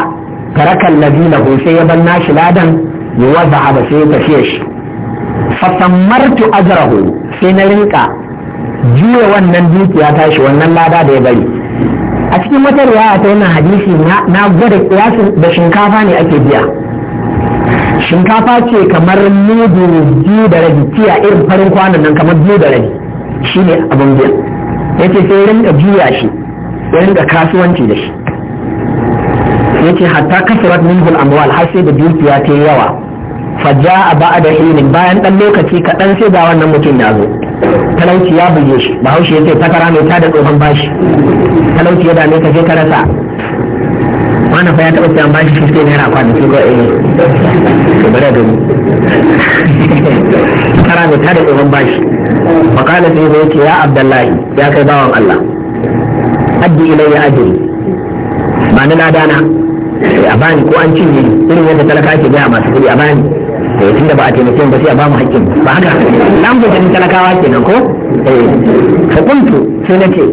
tarakan ladina ko sai ya ban nashi ladan ya wada ba sai ya tafiye shi fasammartu ajrahu sai na rinka jiya wannan dukiya tashi wannan lada da ya bari a cikin wata riwaya ta wannan hadisi na gwada kiyasin da shinkafa ne ake biya shinkafa ce kamar mudu biyu da rabi tiya irin farin kwanan nan kamar biyu da rabi shine abin biyan ce sai rinka juya shi ya rinka kasuwanci da shi Ya ce hatta kasarar minhu al-amwal har sai da dukiya ta yawa faja a ba'a da hilin bayan dan lokaci kaɗan sai ga wannan mutum ya zo talauci ya buge shi bahaushe ya ce takara mai da tsohon bashi talauci ya dame ka je ka rasa wannan fa ya taɓa cewa bashi shi sai naira kwanaki ko eh to bari da mu tara ne tare da bashi makala sai zai ce ya abdullahi ya kai bawan allah addi ilayya ajiri ba na ladana eh, a bani ko an cinye irin yadda talaka ake gaya masu kudi a bani to tunda ba a taimake ba sai a bamu hakkin ba haka nan ba ganin talakawa kenan ko eh fa kuntu sai nake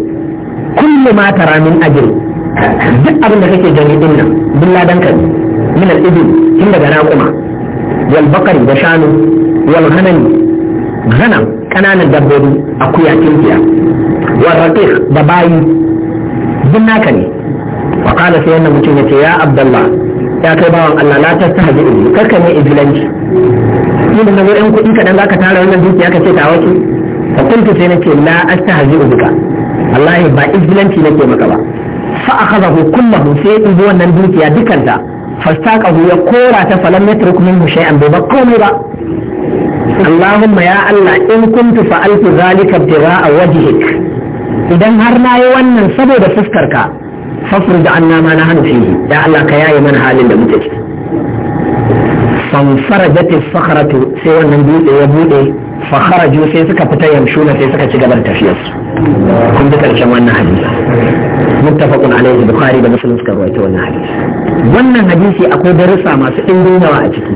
kullu ma tara min ajri duk abin da kake gani din nan duk ladan ka min al tun daga raƙuma wal bakari da shanu wal ghanami ghanam kananan dabbobi akuya kinkiya wal raqiq da bayi duk naka ne wa qala sai wannan mutum yace ya abdullah ya kai bawan Allah la tastahaji ibi karka ne ibilanci yin da yan kuɗi kaɗan za ka tara wannan dukiya ka ce ta wace fa kuntu sai nace la astahaji bika wallahi ba ibilanci nake maka ba fa akhadahu kullahu sai ya dubi wannan dukiya dukanta fastaqahu ya kora ta falam yatruk minhu shay'an bai baka komai ba Allahumma ya Allah in kuntu fa'altu zalika ibtigha'a wajhik idan har na yi wannan saboda fuskarka fafrij anna ma nahnu fihi ya Allah ka yaye mana halin da muke ciki fanfarajat as-sakhratu sai wannan dutse ya buɗe. fakharaju sai suka fita yamshuna sai suka ci gabar tafiyarsu kun bi karshen wannan hadisi muttafaqun alaihi bukhari da muslim suka rawaito wannan hadisi wannan hadisi akwai darussa masu ɗimbin a ciki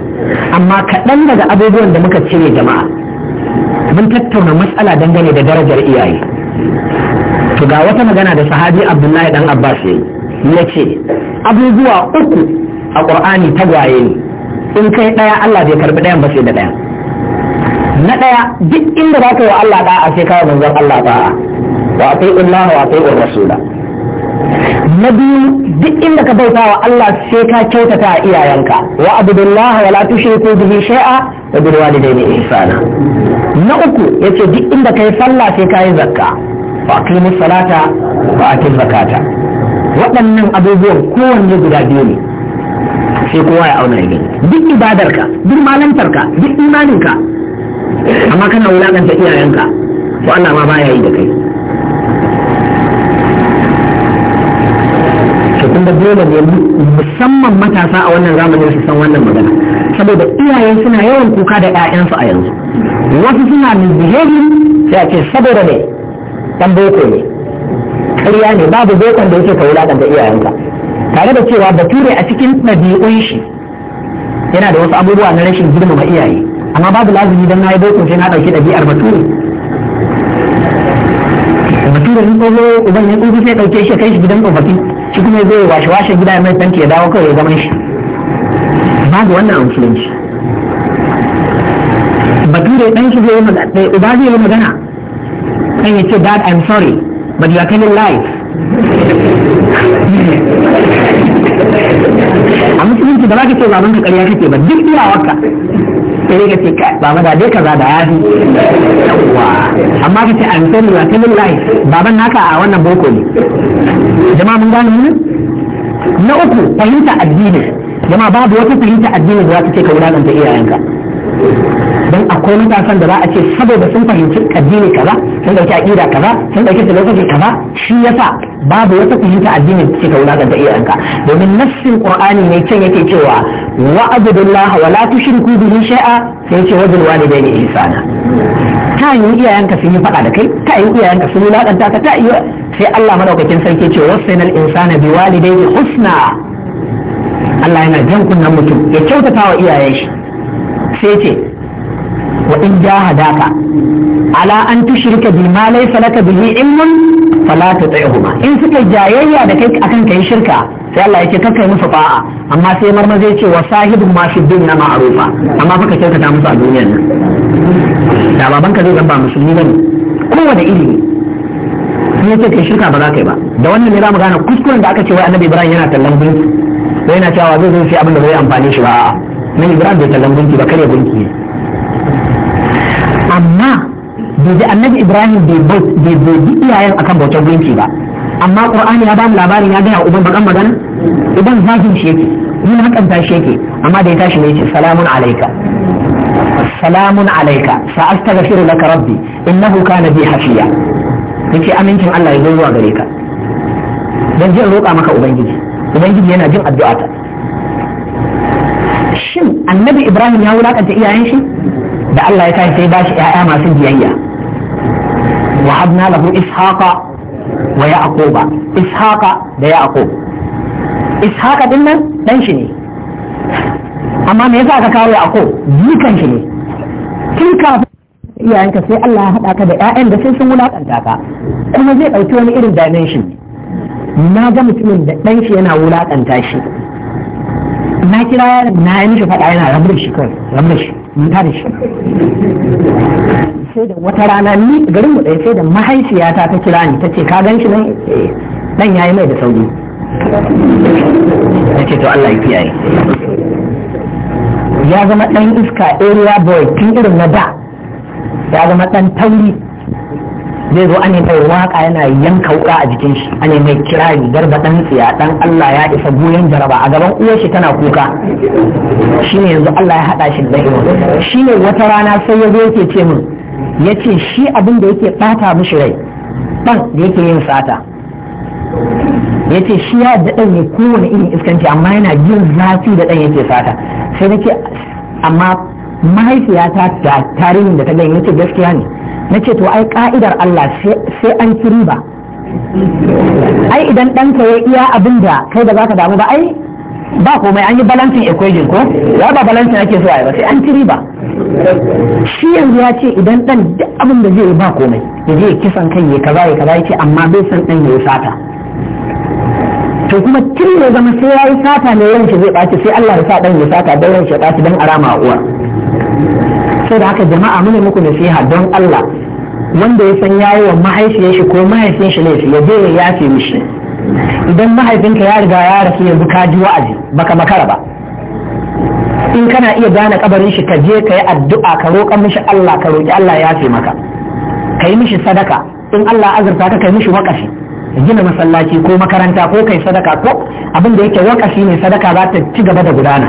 amma kaɗan daga abubuwan da muka cire jama'a mun tattauna matsala dangane da darajar iyaye to ga wata magana da sahabi abdullahi dan abbas yayi yace abubuwa uku a qur'ani tagwaye ne in kai ɗaya Allah bai karbi ɗayan ba sai da daya na ɗaya duk inda za ka yi wa Allah ɗa'a sai ka yi manzon Allah a wa a tai'un Allah wa a tai'un Rasula na biyu duk inda ka bauta wa Allah sai ka kyautata a iyayenka wa abdullah wa la tushriku bihi shay'a wa bil walidayni ihsana na uku yace duk inda kai sallah sai ka yi zakka wa aqimu salata wa atu zakata waɗannan abubuwan kowanne guda biyu ne sai kowa ya auna ya gani duk ibadarka duk malantarka duk imaninka amma kana wulakanta iyayenka to Allah ma baya yi da kai to kun da dole ne musamman matasa a wannan zamanin su san wannan magana saboda iyayen suna yawan kuka da ƴaƴansu a yanzu wasu suna misbehaving sai a ce saboda ne dan boko ne ƙarya ne babu bokon da yake ka wulakanta iyayenka tare da cewa bature a cikin ɗabi'un shi yana da wasu abubuwa na rashin girmama iyaye amma babu lazumi dan nayi boko sai na dauki dabi'ar bature bature in tsoro uban ne tsoro sai dauke shi kai shi gidan tsofaffi shi kuma zai zo washe washe gida mai tanki ya dawo kawai ya zama shi babu wannan a musulunci bature dan shi zai yi magana uba zai yi magana kan ya ce dad i'm sorry but you are telling lies a musulunci da ba ka ce ka ƙarya kake ba duk iyawarka sai ka ce baba da dai kaza da yafi amma ka ce an sani wa sani lai baban naka a wannan boko ne jama'a mun gane mu na uku fahimta addini jama'a babu wata fahimta addini da za ta ce ka wulakanta iyayenka don akwai matasan da za a ce saboda sun fahimci addini kaza sun dauki aqida kaza sun dauki filosofi kaza shi yasa babu wata fahimta addini da take ka wulakanta iyayenka domin nassin qur'ani ne can yake cewa wa'budu Allah wa la tushriku bihi shay'a sai ce walidai ne ihsana ta yi iyayenka sun yi faɗa da kai ta yi iyayenka sun ladanta ka ta yi sai Allah madaukakin sarki ce wasainal insana bi walidai walidayhi husna Allah yana jan kunnen mutum ya kyautata wa iyayen shi sai ce wa in jahadaka ala an tushrika bi ma laysa laka bihi ilmun fala tuti'huma in suka jayayya da kai akan kai shirka sai Allah yake kakkai musu fa'a amma sai marma zai ce wa sahibu ma fi na ma'rufa amma baka kyautata musu a duniyar nan da baban ka zai zamba musulmi bane da ilimi sai yake kai shirka ba za ka yi ba da wannan ne za mu gane kuskuren da aka ce wai annabi ibrahim yana tallan gunki sai yana cewa zai zo sai abin da bai amfani shi ba a'a nan ibrahim bai tallan gunki ba kare gunki ne amma bai annabi ibrahim bai bi iyayen akan bautar gunki ba amma qur'ani ya bamu labarin ya gaya uban bakan magana idan zafin shi yake mun hakanta shi yake amma da ya tashi ne ce salamun alaika salamun alaika sa astaghfiru laka rabbi innahu kana bi hafiya yace amincin Allah ya zo zuwa gare ka dan jin roƙa maka ubangiji ubangiji yana jin addu'a ta shin annabi ibrahim ya wulakanta iyayen shi da Allah ya tashi sai ba shi ƴaƴa masu biyayya wa habna lahu ishaqa wa yaquba ishaqa da yaqub ishaqa din nan dan shi ne amma me yasa aka kawo yaqub jikan shi ne tun kafin iyayenka sai Allah ya haɗa ka da ƴaƴan da sai sun wulakanta ka kuma zai ɗauki wani irin dimension na ga mutumin da ɗanshi shi yana wulakanta shi na kira na yi mishi faɗa yana rabu shi kawai rabu shi mun ta shi sai da wata rana ni garin mu sai da mahaifiyata ta kira ni ta ce ka gan shi nan dan eh, yayi mai da sauri ta ce to Allah ya kiyaye ya zama dan iska area boy tun irin na da ya zama dan tauri zai zo an mai waka yana yanka wuka a jikin shi an mai kirari garba dan tsiya dan Allah ya isa goyon jaraba a gaban uwar shi tana kuka shine yanzu Allah ya hada shi da Shi ne wata rana sai ya zo yake ce min yace shi abin da yake bata mishi rai ban da yake yin sata yace shi ya da dan ne kowane irin iskanci amma yana jin zafi da dan yake sata sai nake amma mahaifiyata da tarihin da ta gani nace gaskiya ne nace to ai ka'idar Allah sai an kiri ba ai idan ɗanka ya iya abin da kai da zaka damu ba ai ba komai an yi balancing equation ko ya ba balancing ake so ai ba sai an kiri ba shi yanzu ya ce idan ɗan duk abin da zai ba komai ya je kisan kai ya kaza ya kaza ya ce amma bai san ɗan ya yi sata to kuma tun ya zama sai ya yi sata ne yanzu zai ɓaci sai Allah ya sa ɗan ya sata don ya shi ɓaci don arama uwa sai da haka jama'a muna muku nasiha don Allah wanda ya san yayi wa mahaifiyar shi ko mahaifin shi laifi ya je ya yafe mishi idan mahaifinka ya riga ya rasu yanzu ka ji wa'azi baka makara ba in kana iya gane kabarin shi ka je ka yi addu'a ka roƙa mishi Allah ka roƙi Allah ya yafe maka ka yi mishi sadaka in Allah azurta ka kai mishi wakafi gina masallaci ko makaranta ko kai sadaka ko abin da yake wakafi ne sadaka za ta ci gaba da gudana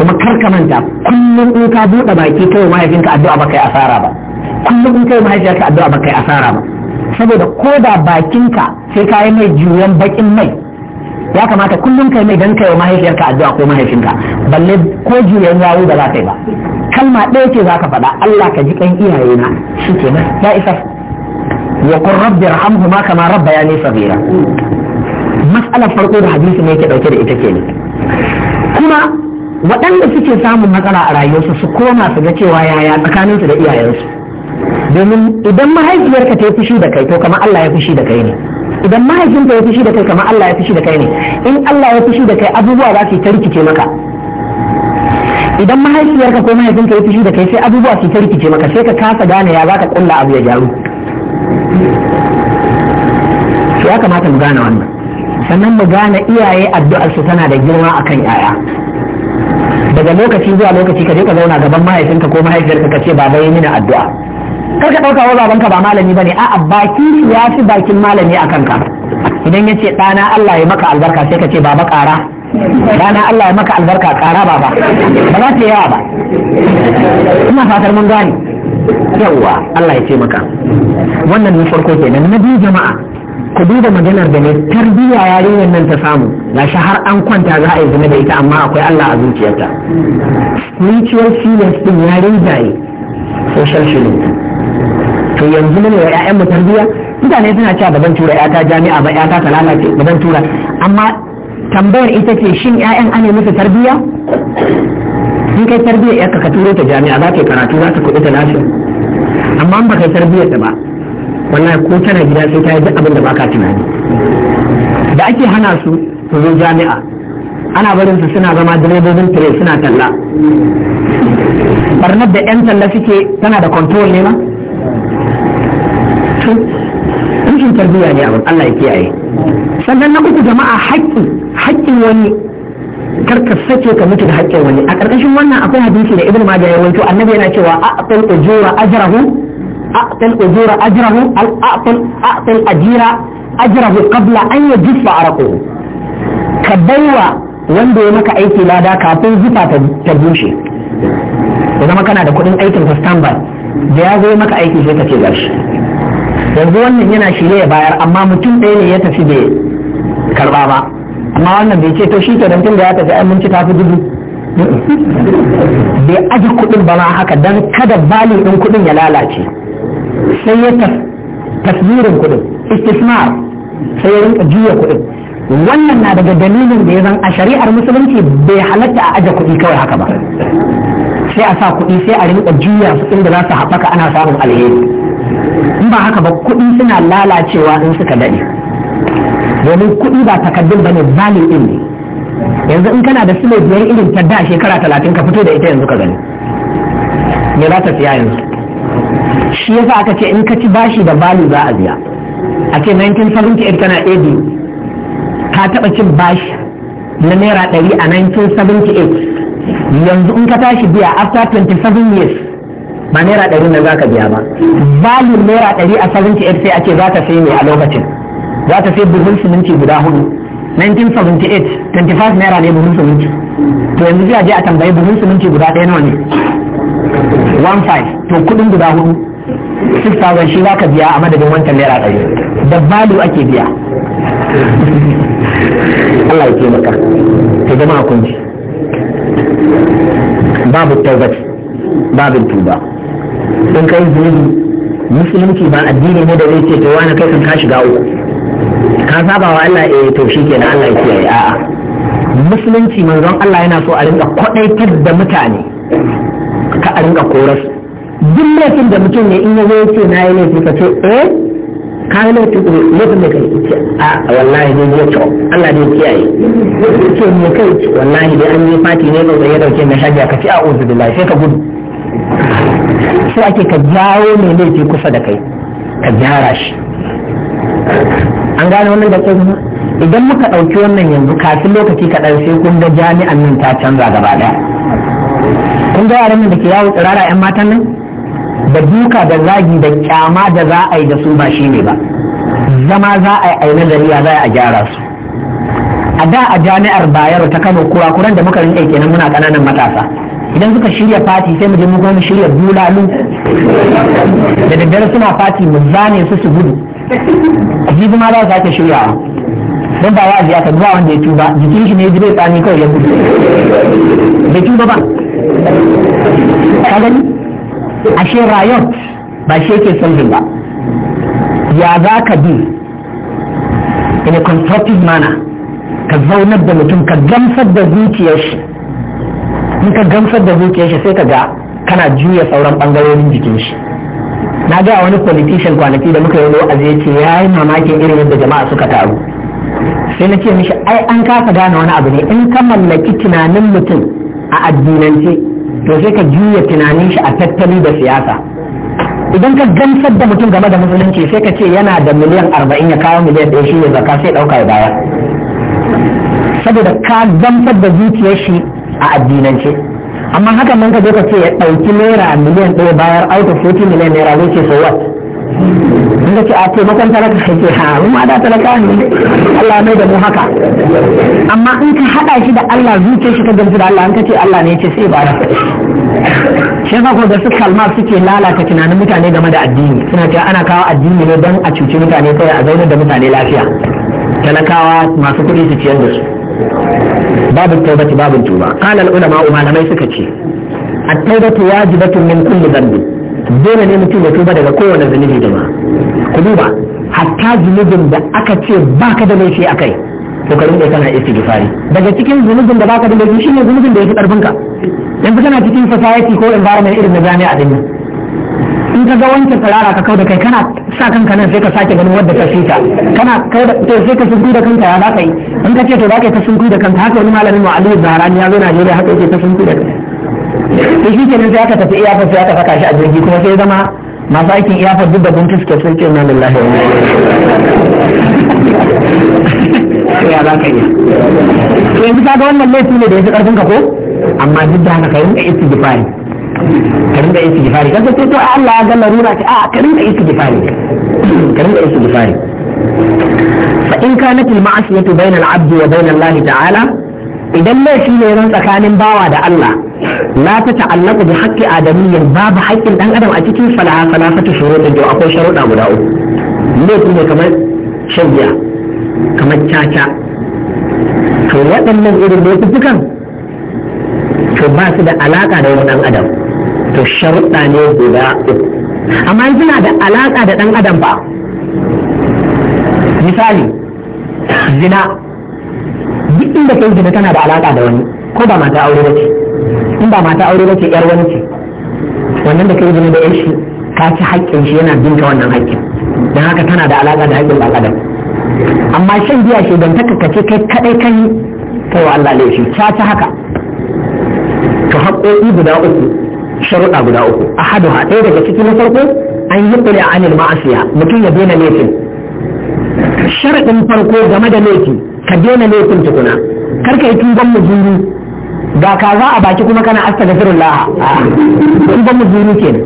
kuma kar ka manta kullum in ka buɗe baki kai mahaifinka addu'a ba kai asara ba kullum in kai ka addu'a ba kai asara ba saboda ko da bakinka sai ka yi mai juyan bakin mai ya kamata kullum kai mai dan kai mahaifiyarka addu'a ko mahaifinka balle ko juyan yawo da za ka ba kalma ɗaya ce za ka faɗa Allah ka ji kan iyayena shi ke ya isa wa qur rabbi ma kama ya rabbayani zira mas'alar farko da hadisi ne yake dauke da ita ke ne kuma waɗanda suke samun matsala a rayuwarsu su koma su ga cewa yaya tsakaninsu da iyayensu domin idan mahaifiyarka ta yi fushi da kai to kamar Allah ya fushi da kai ne idan mahaifinka ya fushi da kai kamar Allah ya fushi da kai ne in Allah ya fushi da kai abubuwa za su yi ta rikice maka idan mahaifiyarka ko mahaifinka ya fushi da kai sai abubuwa su ta rikice maka sai ka kasa gane ya za ka kulla abu ya jaru. ya kamata mu gane wannan sannan mu gane iyaye addu'ar su tana da girma akan yaya daga lokaci zuwa lokaci ka je ka zauna gaban mahaifinka ko mahaifiyarka ka ce baba yi mini addu'a kar ka ɗauka wa babanka ba malami bane a'a baki ya fi bakin malami a ka. idan ya ce ɗana Allah ya maka albarka sai ka ce baba ƙara ɗana Allah ya maka albarka ƙara baba ba za ta yawa ba ina fatar mun gane yawwa Allah ya ce maka wannan ne farko kenan na biyu jama'a ku duba maganar da ne tarbiyya yarinyar nan ta samu shi har an kwanta za a yi zama da ita amma akwai Allah a zuciyarta spiritual feelings din ya rinjaye social feelings to yanzu mun wa ƴaƴan mu tarbiyya mutane suna cewa ba tura ƴata jami'a ba ƴata ta lalace ba tura amma tambayar ita ce shin ƴaƴan an yi musu tarbiyya in kai tarbiyya ya ka ture ta jami'a za ka yi karatu za ka kuɗi ta lafiya amma an ba kai tarbiyyar ta ba wallahi ko tana gida sai ta yi duk abin da baka tunani da ake hana su su zo jami'a ana barin su suna zama direbobin tire suna talla barnar da 'yan talla suke tana da control ne ma rashin tarbiyya ne abin Allah ya kiyaye sannan na uku jama'a haƙƙi haƙƙin wani karka sake ka mutu da haƙƙin wani a ƙarƙashin wannan akwai hadisi da ibn majah ya rawaito annabi yana cewa a aqil ujura ajrahu aqtal ujura ajrahu al aqtal aqtal ajira ajrahu qabla an yajfa araquhu ka baiwa wanda ya maka aiki lada kafin zufa ta bushe ya zama kana da kudin aikin ka standby da ya zo maka aiki sai ka ce gashi yanzu wannan yana shirye ya bayar amma mutum ɗaya ne ya tafi bai karba ba amma wannan bai ce to shi ke tun da ya tafi ai mun ci tafi dubu bai aji kudin ba ma haka don kada bali din kudin ya lalace sai ya tasbirin kuɗin istismar sai ya rinka juya kuɗin wannan na daga dalilin da ya zan a shari'ar musulunci bai halatta a aje kuɗi kawai haka ba sai a sa kuɗi sai a rinka juya su inda za su haɓaka ana samun alheri in ba haka ba kuɗi suna lalacewa in suka daɗe domin kuɗi ba takaddun ba ne value ɗin ne yanzu in kana da sule biyar irin ta da shekara talatin ka fito da ita yanzu ka gani me za ta siya yanzu shi yasa aka ce in ka ci bashi da balu za a biya a ce 1978 kana biyu ka taɓa cin bashi na naira 100 a 1978 yanzu in ka tashi biya after 27 years ba naira 100 na za ka biya ba balu naira 100 a 78 sai a ce za ka sai ne a lokacin za ka sai buhun siminti guda hudu 1978 25 naira ne buhun siminti to yanzu zai je a tambayi buhun siminti guda ɗaya nawa ne 15 to kudin guda hudu 6000 shi za ka biya a madadin wancan naira ɗari da balu ake biya Allah ya taimaka ta zama a kunji babu taubat babu tuba don kai zunubi musulunci ba addini ne da zai ce to wani kai kan ka shiga uku ka saba wa Allah ya eh, to shi kenan Allah ya kiyaye a'a musulunci manzon Allah yana so a rinka kwadaitar da mutane ka a rinka koras duk laifin da mutum ya in yazo yace na yi laifi ka ce eh ka yi laifi eh, laifin da kai ce a wallahi ne ya ce Allah ne kiyaye ce ne kai ce wallahi dai an yi fati ne ba ya dauke na shaja ka ce a uzu billahi sai ka gudu sai ake ka jawo mai laifi kusa da kai ka gyara shi an gane wannan da kuma idan muka ɗauki wannan yanzu kafin lokaci kaɗan sai kun ga jami'an nan ta canza gaba ɗaya kun ga yaran nan da ke yawo tsirara yan matan nan da duka da zagi da kyama da za a yi da su ba shi ne ba zama za a yi yi nazariya za a gyara su a da a jami'ar bayero ta kano kurakuran da muka rinƙe kenan muna kananan matasa idan suka shirya fati sai mu je mu ga mu shirya bulalu da daddare suna fati mu zane su su gudu jibi ma za su sake shiryawa don ba wa'azi aka ba wanda ya tuba jikin shi ne ya bai tsani kawai ya gudu bai tuba ba ka gani ashe rayot ba shi yake solving ba ya za ka bi in a constructive manner ka zaunar da mutum ka gamsar da zuciyar shi in ka gamsar da zuciyar shi sai ka ga kana juya sauran bangarorin jikin shi na ga wani politician kwanaki da muka yi wa'azi ya ce ya yi mamakin irin yadda jama'a suka taru sai na ce mishi ai an kasa gane wani abu ne in ka mallaki tunanin mutum a addinance to sai ka juya tunanin shi a tattali da siyasa idan ka gamsar da mutum game da musulunci sai ka ce yana da miliyan arba'in ya kawo miliyan ɗaya shi ne zaka sai ɗauka ya baya saboda ka gamsar da zuciyar shi a addinance amma haka man ka zo ka ce ya ɗauki naira miliyan ɗaya bayar of 40 miliyan naira zai ce so what in a ce a taimakon talaka kake haru ma da talaka ne Allah mai da mu haka amma in ka hada shi da Allah zuciyar shi ka gamsu da Allah in ka ce Allah ne ya ce sai ba da shi ba ko da su kalma suke lalata tunanin mutane game da addini suna cewa ana kawo addini ne don a cuci mutane kawai a zaunar da mutane lafiya talakawa masu kuɗi su ciyar da su babu taubati babu tuba qala al ulama malamai suka ce at-taubatu wajibatun min kulli dhanbi dole ne mutum ya tuba daga kowane zunubi da ma ku duba hatta zunubin da aka ce baka da laifi a kai to ka rinka kana istighfari daga cikin zunubin da baka da laifi shine zunubin da yake karfin ka yanzu kana cikin society ko environment irin na jami'a din nan in ka ga wancan tsirara ka kau da kai kana sa kanka nan sai ka sake ganin wadda ka fita kana kau da to sai ka sunku da kanka ya za ka yi in ka ce to za ka yi ta sunku da kanka haka wani malamin mu Aliyu Zaharani ya zo Najeriya haka yake ta sunku da kanka to shi kenan sai aka tafi iyafar sai aka saka shi a jirgi kuma sai zama masu aikin iyafar duk da bunki suke sun ce na lillahi wa ya za ka yi to yanzu kaga wannan laifi ne da ya fi karfin ka ko amma duk da haka ka rinka istighfari ka rinka istighfari kaga sai to Allah ya ga larura ce a ka rinka istighfari ka rinka istighfari fa in kanat al ma'asiyatu bayna al abdi wa bayna Allah ta'ala idan laifi ne ran tsakanin bawa da Allah la ta ta'allaqu bi haqqi adamiyyin babu haƙƙin dan adam a cikin falaha falafatu shuruɗin to akwai sharuɗa guda uku laifi ne kamar shan kamar caca to waɗannan irin dukan, to ba su da alaƙa da wani dan adam to sharuɗa ne guda uku amma suna da alaƙa da dan adam ba misali zina duk inda kai zina tana da alaka da wani ko ba mata aure ba ce in ba mata aure ba ce yar wani ce wannan da kai yi da yashi shi ka ci haƙƙin shi yana binta wannan haƙƙin don haka tana da alaka da haƙƙin ba amma shan giya shi don kace kai kaɗai kan kai wa Allah laifi ta ci haka to haƙƙoƙi guda uku sharuɗa guda uku ahaduha ɗaya daga ciki na farko an yi ƙuri a anil ma'asiya mutum ya daina laifin sharaɗin farko game da laifin. ka daina laifin tukuna kar ka yi tuban muzuru ga za a baki kuma kana astaghfirullah tuban muzuru kenan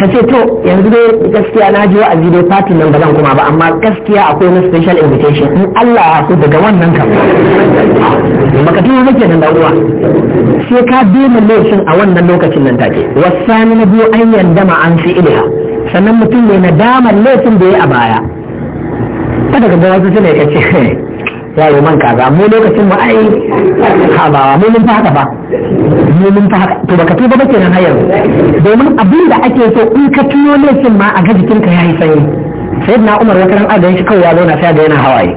ka ce to yanzu dai gaskiya na ji wa'azi dai fatin nan bazan kuma ba amma gaskiya akwai wani special invitation in Allah ya so daga wannan kan baka tuno muke nan da uwa sai ka daina laifin a wannan lokacin nan take wasani na biyu an yandama an fi ilha sannan mutum ne damar laifin da ya a baya kada ga wasu suna ya ce ya yi man kaza mu lokacin mu ai mu mun haka ba mu mun haka to baka tuba ba kenan har domin abin da ake so in ka tuno laifin ma a ga jikinka yayi sanyi na Umar wata ran adayin shi kawai ya zauna sai ga yana hawaye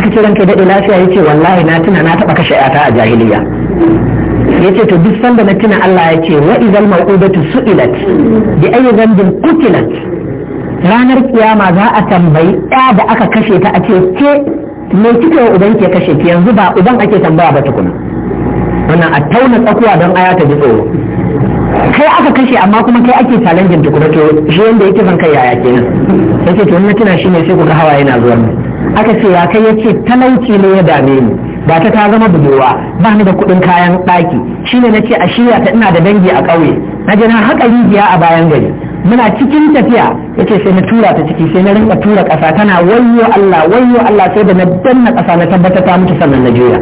aka ce ranka daɗe lafiya ya ce wallahi na tuna na taɓa kashe yata a jahiliya yace to duk sanda na tuna Allah ya ce wa izal ma'udatu su'ilat bi ayyi dhanbin qutilat ranar kiyama za a tambayi ɗaya da aka kashe ta a ce ke Mai cikin uban ke kashe ki yanzu ba uban ake tambaya ba tukuna wannan a tauna tsakuwa don aya ta ji tsoro kai aka kashe amma kuma kai ake challenging tukuna to shi yanda yake zan kai yaya kenan yace to na tuna shi ne sai kuka hawa yana zuwa aka ce ya kai yace talauci ne ya dame ni ba ta ta zama budewa ba ni da kuɗin kayan ɗaki shine ce a shirya ta ina da dangi a ƙauye na je na haƙa rijiya a bayan gari muna cikin tafiya yace sai na tura ta ciki sai na rinka tura ƙasa tana wayyo Allah wayyo Allah sai da na danna ƙasa na tabbata ta mutu sannan na juya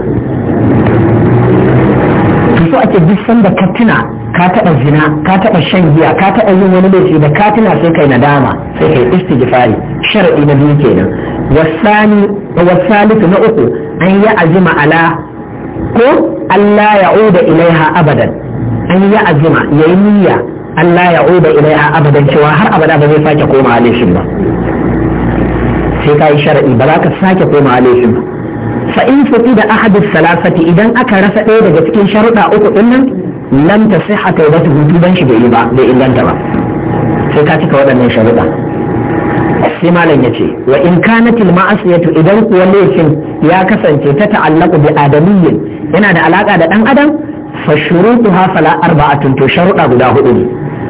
to so ake duk sanda ka tuna ka taɓa zina ka taɓa shan giya ka taɓa yin wani laifi da ka tuna sai kai nadama sai kai istighfari shar'i na biyu kenan wasani Salisu na uku an yi azima ala ko Allah ya'uda ilaiha abadan an yi azima yayi niyya Allah ya uba ilaiha abadan cewa har abada ba zai sake koma laifin ba sai ka yi shar'i ba za ka sake koma laifin ba fa in futi da ahadu salasati idan aka rasa ɗaya daga cikin sharuɗa uku din nan lam tasihha tawbatu hutuban shi bai yi ba bai inganta ba sai ka cika waɗannan sharuɗa sai malam ya ce wa in kanat al ma'asiyatu idan kuwa laifin ya kasance ta ta'allaqu bi adamiyyin yana da alaka da dan adam fa shurutuha fala arba'atun to sharuɗa guda hudu ne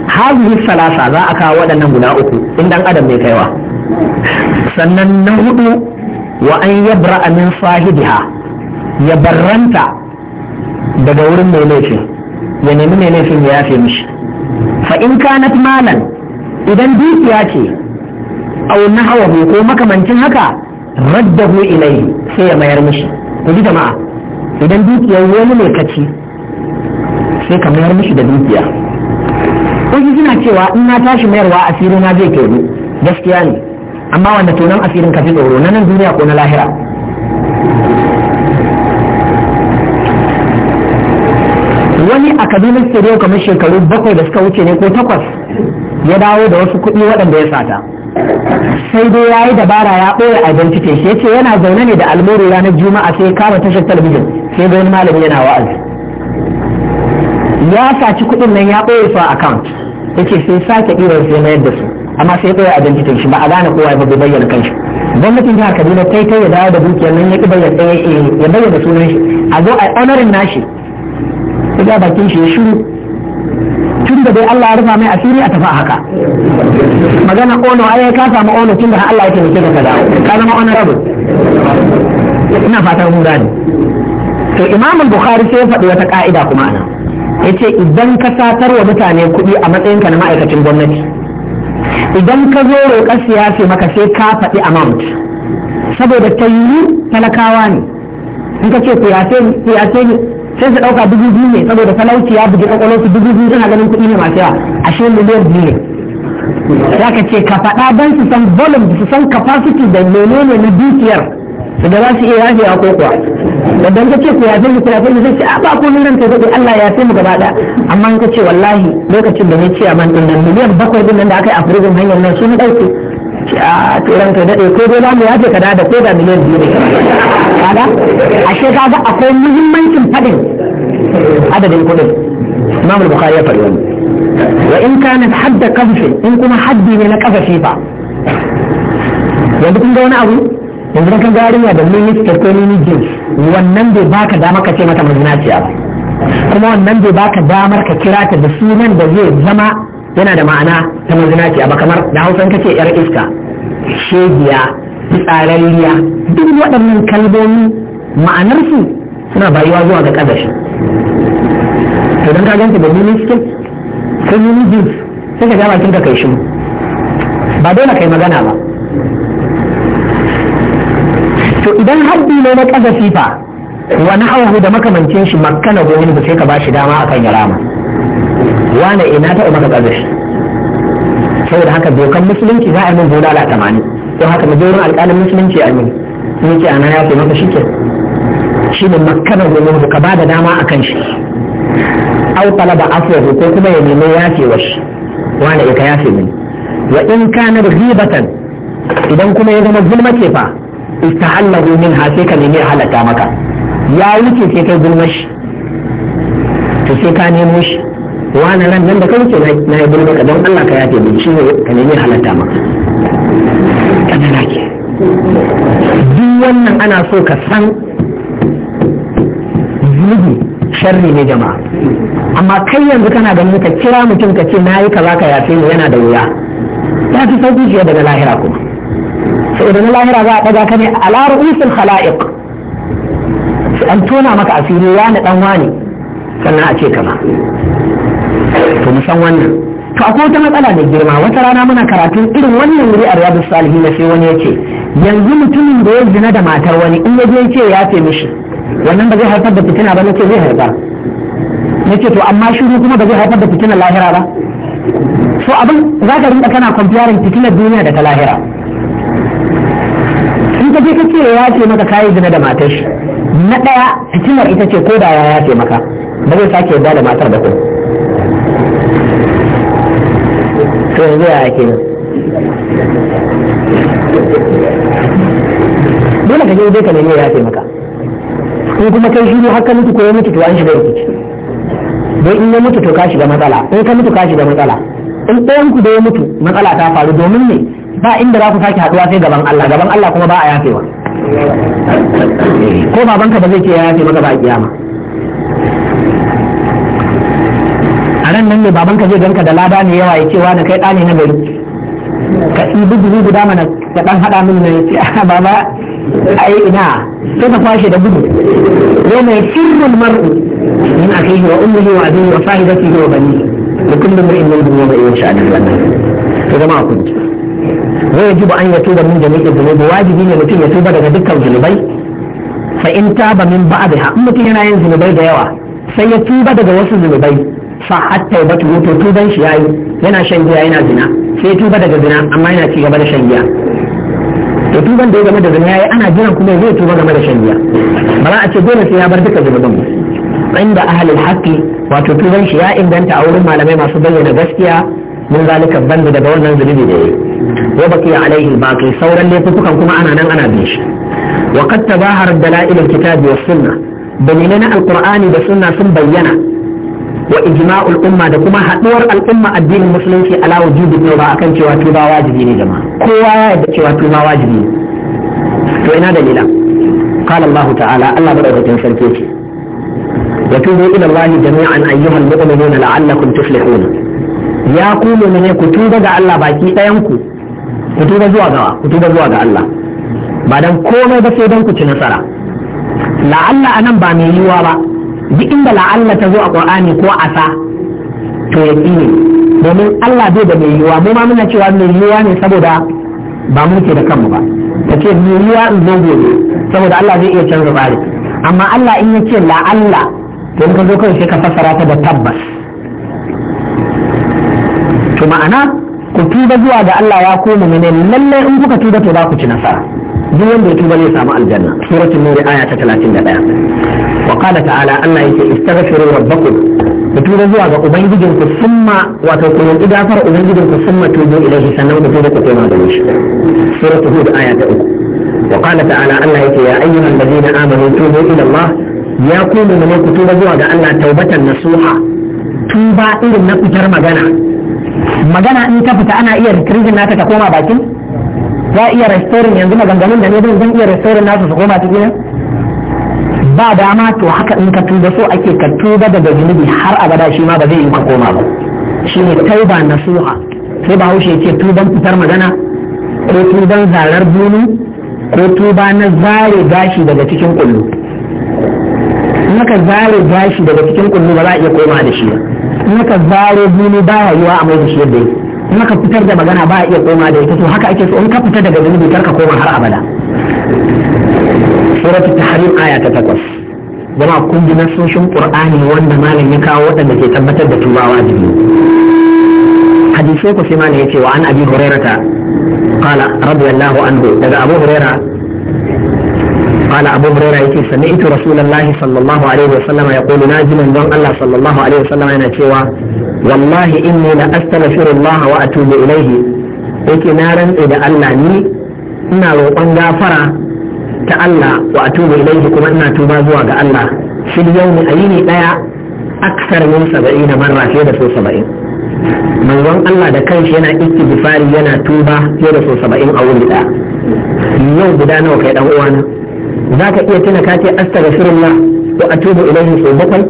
hazihi salasa za a kawo waɗannan guda uku in dan adam mai kaiwa sannan na hudu wa an yabra min sahibiha ya barranta daga wurin mai laifin ya nemi mai laifin ya yafe mishi fa in kanat malan idan dukiya ce aw nahawahu ko makamancin haka raddahu ilayhi sai ya mayar mishi ku ji jama'a idan dukiya wani ne kaci sai ka mayar mishi da dukiya wasu suna cewa in na tashi mayarwa asiri na zai tono gaskiya ne amma wanda tonon asirin ka fi tsoro na nan duniya ko na lahira wani a kaduna yau kamar shekaru bakwai da suka wuce ne ko takwas ya dawo da wasu kuɗi waɗanda ya sata sai dai ya yi dabara ya ɓoye identity shi ya ce yana zaune ne da almuru ranar juma'a sai kama tashar talabijin sai ga wani malami yana wa'azi ya saci kuɗin nan ya ɓoye su a account yace sai sake ɗirar sai mayar da su amma sai ɓoye identity shi ba a gane kowa ba bai bayyana kanshi gwamnatin jihar kaduna ta ta ya dawo da dukiyar nan ya bayyana ya bayyana sunan shi a zo a honorin nashi ya bakin shi ya shiru tun da dai Allah ya rufa mai asiri a tafi haka magana ono ai ka samu ono tun da Allah ya taimake ka dawo. ka zama honorable ina fatan mun gane to Imam Bukhari sai ya faɗi wata ka'ida kuma anan ya ce idan ka satar wa mutane kuɗi a matsayinka na ma'aikacin gwamnati idan ka zo roƙar siyasa maka sai ka faɗi amount saboda ta yi talakawa ne in ka ce ku ne sai su ɗauka dubu biyu ne saboda talauci ya bugi ƙwaƙwalo su dubu biyu suna ganin kuɗi ne masu yawa ashe miliyan biyu ne za ka ce ka faɗa don su san volume su san capacity da menene na dukiyar su da za su iya yafewa ko kuwa idan ka ce ku yafe ni ku yafe ni zai ce a ba ku nan ka zaɓi Allah ya fi mu gaba da amma ka ce wallahi lokacin da ne ce a man ɗin nan miliyan bakwai ɗin nan da aka yi a firizin hanyar nan sun ɗauke ce a turan ka daɗe ko dai mu yafe ka da ko da miliyan biyu ne kada ashe ka ga akwai muhimmancin faɗin adadin kuɗin Imam Bukhari ya faɗi wani wa in kanat hadda kafshin in kuma haddi ne na kafa fa yanzu kun ga wani abu yanzu kan ga yarinya da mini ko mini jeans wannan bai baka damar ka ce mata mazinaciya ba kuma wannan bai baka damar ka kira ta da sunan da zai zama yana da ma'ana ta mazinaciya ba kamar da hausan ka ce yar iska shegiya fitsararriya duk waɗannan kalbomi ma'anarsu suna bayuwa zuwa ga ƙazashi to don ka ganta da mini suke sun yi sai ka ja bakin ka kai shi ba dole kai magana ba to idan haddi ne na kazafi fa wa na'awahu da makamancin shi makkana go ba sai ka bashi dama akan ya rama wane ina ta maka kaza shi? saboda haka dokan musulunci za a yi min bulala a tamanin don haka majorin alƙalin musulunci a min sun ce ana ya maka shi ke shi ne makkana ba ka ba da dama akan shi au talaba afwahu ko kuma ya nemi yafewar shi wane ya ka yafe mini wa in kana ribatan idan kuma ya zama gulma ce fa istahallahu min ha sai ka nemi halatta maka ya wuce sai kai gulma shi to sai ka nemo shi wani nan nan da ka wuce na yi gulma ka don Allah ka yafe mu shi ka nemi halatta maka kadara ke duk wannan ana so ka san zubi sharri ne jama'a amma kai yanzu kana da ka kira mutum ka ce na yi za ka yafe mu yana da wuya ya fi sauki fiye daga lahira kuma saboda na lahira za a ɗaga ka ne ala ru'usul khala'iq an tona maka asiri wani dan wani sannan a ce kama to mu san wannan to akwai wata matsala da girma wata rana muna karatun irin wannan wuri a riyadu salihin da sai wani ya ce yanzu mutumin da ya zina da matar wani in ya je ce ya ce mishi wannan ba zai haifar da fitina ba nace zai haifar nace to amma shiru kuma ba zai haifar da fitinar lahira ba so abin za ka rinka kana kwamfiyarin fitinar duniya da ta lahira ka je ka ce ya ce maka kayi zina da matar shi na ɗaya fitinar ita ce ko da ya yace maka ba zai sake yadda da matar da ku to yanzu ya yake nan dole ka je zai ka nemi ya yace maka in kuma kai shi ne haka mutu ko ya mutu to an shiga rikici dai in ya mutu to ka shiga matsala in ka mutu ka shiga matsala in ɗayan ku da ya mutu matsala ta faru domin ne ba inda za ku sake haduwa sai gaban Allah gaban Allah kuma ba a yafewa ko babanka ba zai ce ya yafe maka ba a kiyama a nan nan ne babanka zai ganka da lada ne yawa ya ce wa da kai ɗani na gari ka ibi dubu guda mana ka ɗan haɗa min na ce baba ai ina sai ka kwashe da gudu Ya mai sirrin mar'u min kai wa ummihi wa abihi wa sahibatihi wa Bani, da kullum mar'in min dunya sha'adar yasha ta zama a kunci ويجب أن يتوب من جميع الذنوب واجب أن يتوب يتوب من دكة الذنوبي فإن تاب من بعدها أمتي هنا ينزل ذنوبي ديوة سيتوب دكة وصل ذنوبي فحتى يبتو توبا شيئا هنا شيئا هنا زنا سيتوب دكة زنا أما هنا تيجا بدا شيئا يتوبا دكة مدى زنا أنا جنا كما يتوبا دكة مدى شيئا بلا أتجونا فيها بردك ذنوبي عند أهل الحق وتتوبا شيئا إن دانت أولو ما لم يمع صبي نغسكيا من ذلك الظن دكة وصل ذنوبي ديوة wa baki alaihi baqi sauran laifukan kuma ana nan ana bin shi wa qad tabahara dalail alkitab wa sunnah dalilai na alqur'ani da sunna sun bayyana wa ijma'ul umma da kuma haduwar al'umma addinin musulunci ala ne ba akan cewa tuba wajibi ne jama'a kowa ya yarda cewa tuba wajibi ne to ina dalilan قال الله تعالى الله بدأ سركيتي وتوبوا إلى الله جميعا أيها المؤمنون لعلكم تفلحون ya ku ne ku tuba ga Allah baki ɗayan ku ku tuba zuwa ga ku tuba zuwa ga Allah ba dan komai ba sai dan ku ci nasara la'alla anan ba mai yiwa ba duk inda la'alla ta zo a Qur'ani ko asa to ya ne domin Allah bai da mai yiwa mu ma muna cewa mai yiwa ne saboda ba mu ke da kanmu ba ta ce mai yiwa in zo gobe saboda Allah zai iya canza tsari amma Allah in ya ce la'alla to ka zo kai sai ka fassara ta da tabbas to ma'ana ku tuba zuwa ga Allah ya koma mu'mini lalle in kuka tuba to za ku ci nasara duk wanda ya tuba zai samu aljanna suratul nur aya ta 31 wa qala ta'ala Allah yake istaghfiru rabbakum ku tuba zuwa ga ku summa wato ku yi gafara ku summa tubu ilaihi sannan ku tuba ku koma ga shi suratul hud aya ta 3 wa qala ta'ala Allah yake ya ayyuhal ladina amanu tubu ila Allah ya koma mu'mini ku tuba zuwa ga Allah taubatan nasuha tuba irin na fitar magana magana in ta fita ana iya rikirgin nata ta koma bakin za a iya restorin yanzu maganganun da ne zan zan iya restorin nata su koma cikin ba dama to haka in ka tuba so ake ka tuba daga zunubi har abada shi ma ba zai yi ka koma ba shi ne tauba nasuha sai ba haushe ce tuban fitar magana ko tuban zarar bunu ko tuba na zare gashi daga cikin kullu ka zare gashi daga cikin kullu ba za a iya koma da shi ba in ka zaro ba baya yi a mai da shi yadda yake in ka fitar da magana ba iya koma da ita to haka ake so in ka fita daga zunubi kar ka koma har abada suratul tahrim aya ta takwas jama'a kun ji nasoshin qur'ani wanda malam ya kawo waɗanda ke tabbatar da tuba wajibi hadisi ku sai malam yace wa an abi hurairata qala radiyallahu anhu daga abu huraira قال أبو هريرة يقول سمعت رسول الله صلى الله عليه وسلم يقول ناجم دون الله صلى الله عليه وسلم أنا تيوا والله إني لأستغفر الله وأتوب إليه yake na rantse da Allah ni ina roƙon gafara ta Allah wa atubu ilaihi kuma ina tuba zuwa ga Allah fil yawmi a daya aksar min 70 marra fiye da Allah da kanshi yana istighfari yana tuba fiye da so saba'in a wuri ɗaya yau guda nawa kai dan uwana za ka iya tuna ka ce astaghfirullah wa atubu ilaihi sau bakwai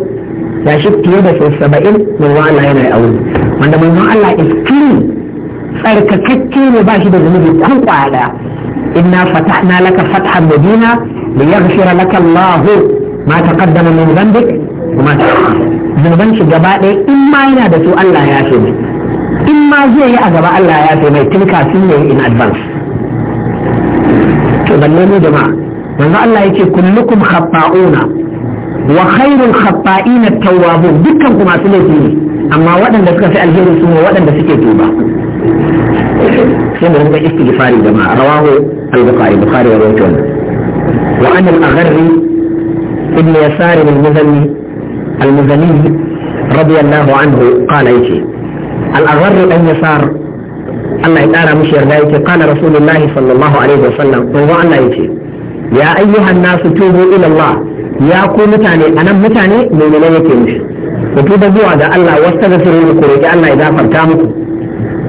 ya shi fiye da sau saba'in manzo Allah yana yi aure wanda manzo Allah is clean tsarkakakke ne ba shi da zunubi ko kwada inna fatahna laka fathan mubina liyaghfira laka Allah ma taqaddama min dhanbik wa ma ta'akhkhara zunuban shi gaba ɗaya in ma yana da su Allah ya ce mai in ma zai yi a gaba Allah ya ce mai tun kafin ne in advance to balle ne jama'a yanzu Allah yake kullukum khata'una wa khairul khatta'ina tawwabun dukkan ku masu laifi ne amma waɗanda suka fi alheri su ne waɗanda suke tuba sai mu rinka istighfari da jama'a rawahu al-bukhari bukhari wa rawahu wa an al aghri ibn yasar al-muzanni al-muzanni radiyallahu anhu qala yake al aghri ibn yasar Allah ya kara mishi yarda yake qala rasulullahi sallallahu alaihi wa sallam manzo Allah yake ya ayyuhan nasu tubu ila ya ku mutane nan mutane mu'mina yake mishi ku tuba zuwa ga Allah wastaghfiru ku roki Allah ya gafarta muku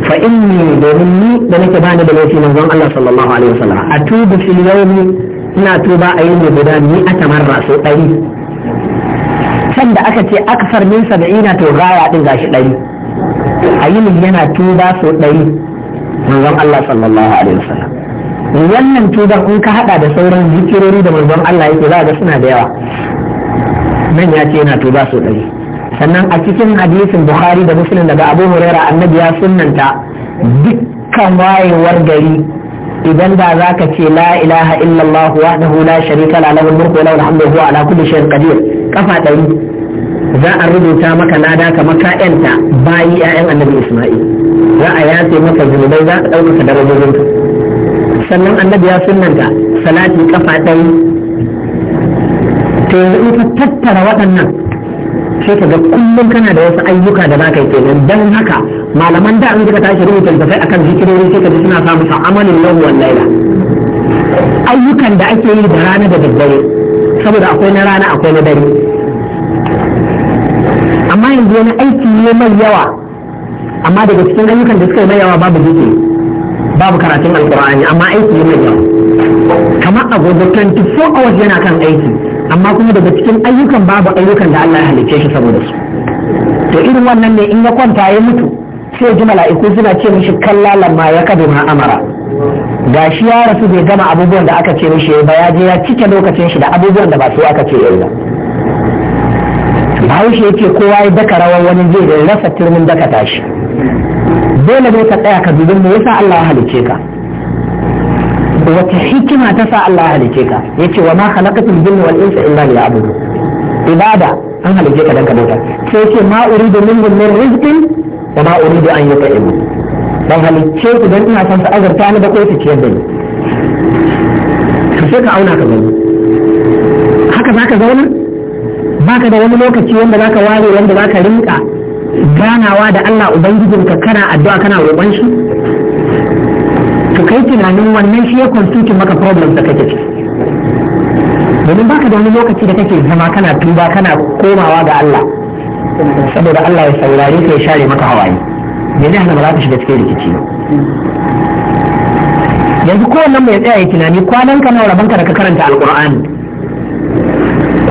fa inni domin ni da nake bani da laifi manzon Allah sallallahu alaihi wasallam atubu fil yawmi ina tuba a yini guda ni a tamarra so ɗari can da aka ce akfar min saba'ina to gaya din gashi ɗari a yana tuba so ɗari manzon Allah sallallahu alaihi wannan tuban in ka hada da sauran zikirori da manzon Allah yake za ga suna da yawa nan ya ce yana tuba so ɗari sannan a cikin hadisin bukhari da muslim daga abu huraira annabi ya sunnanta dukkan wayewar gari idan da za ka ce la ilaha illallah wahdahu la sharika la lahu mulku wa lahu huwa ala kulli shay'in qadir kafa ɗari za a rubuta maka nada ka maka yanta bayi 'ya'yan annabi isma'il za a yace maka zunubai za ka ɗaukaka darajojinka sannan annabi ya sunanta salati kafa ɗai to in ka tattara waɗannan sai ka ga kullum kana da wasu ayyuka da baka yi kenan dan haka malaman da an suka tashi rubuta littafai akan zikirori sai ka ji suna samu amalin lahu wal laila ayyukan da ake yi da rana da daddare saboda akwai na rana akwai na dare amma yanzu wani aiki ne mai yawa amma daga cikin ayyukan da suka yi mai yawa babu zikiri babu karatun alkur'ani amma aiki mai yawa kamar agogo 24 hours yana kan aiki amma kuma daga cikin ayyukan babu ayyukan da Allah ya halicce shi saboda su to irin wannan ne in ya kwanta ya mutu sai ji mala'iku suna ce mishi kalla lamma ya kadu ma amara gashi ya rasu bai gama abubuwan da aka ce mishi ba ya je ya cike lokacin shi da abubuwan da ba su aka ce yayi ba bahaushe yake kowa ya daka rawar wani zai da rasa turmin daka tashi dole ne ka tsaya ka dubin me yasa Allah ya halice ka wata hikima ta sa Allah ya halice ka yace wa ma khalaqatul jinna wal insa illa liya'budu ibada an halice ka dan ka bauta sai yace ma uridu minhum min rizqin wa ma uridu an yut'imu dan halice ku dan ina son su azurta ni da kai ta ciyar da ni sai ka auna ka gani haka zaka zauna baka da wani lokaci wanda zaka ware wanda zaka rinka ganawa da Allah ubangijinka kana addu'a kana roƙon shi to kai tunanin wannan shi ya constitute maka problem da kake ciki domin baka da wani lokaci da kake zama kana tuba kana komawa ga Allah saboda Allah ya saurare ka ya share maka hawaye me zai hana ba za ka shiga cikin rikici ba yanzu kowannen mai tsaya ya tunani kwanan ka na rabanka da ka karanta alqur'ani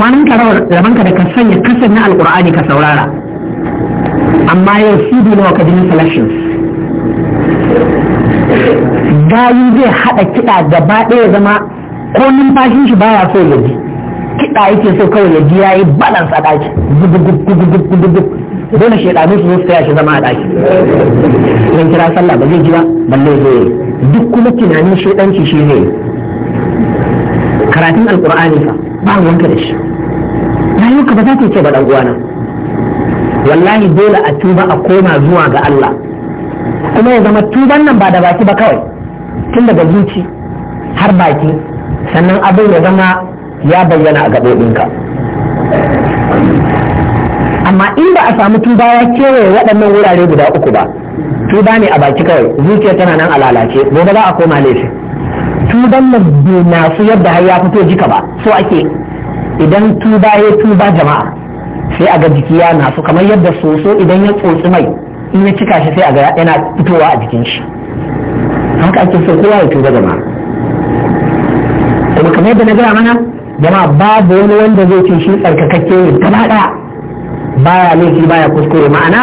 kwanan ka rabanka da ka sanya kasar na alqur'ani ka saurara amma yau cd nawa ka jini selections gayu zai haɗa kiɗa gaba ɗaya zama ko numfashin shi baya so ya ji kiɗa yake so kawai ya ji yayi balance a ɗaki dole shaidanu su zo su taya shi zama a ɗaki zan kira sallah ba zai ji ba balle zai duk kuma tunanin shaidanci shi zai karatun Alƙur'ani fa ba wanka da shi rayuwarka ba za ta ce ba ɗan uwana wallahi dole a tuba a koma zuwa ga Allah kuma ya zama tuban nan ba da baki ba kawai tun daga zuci har baki sannan abin ya zama ya bayyana a gaɓoɓinka amma in ba a samu tuba ya kewaye waɗannan wurare guda uku ba tuba ne a baki kawai zuciya tana nan a lalace gobe za a koma laifin tuban nan na su yadda har ya fito jika ba so ake idan tuba ya tuba jama'a sai a ga jiki ya nasu kamar yadda soso idan ya tsotsi mai in ya cika shi sai a ga yana fitowa a jikin shi haka ake so kowa ya tuba jama'a kuma kamar yadda na gaya mana jama'a babu wani wanda zai ce shi tsarkakakke ne gaba daya baya laifi baya kuskure ma'ana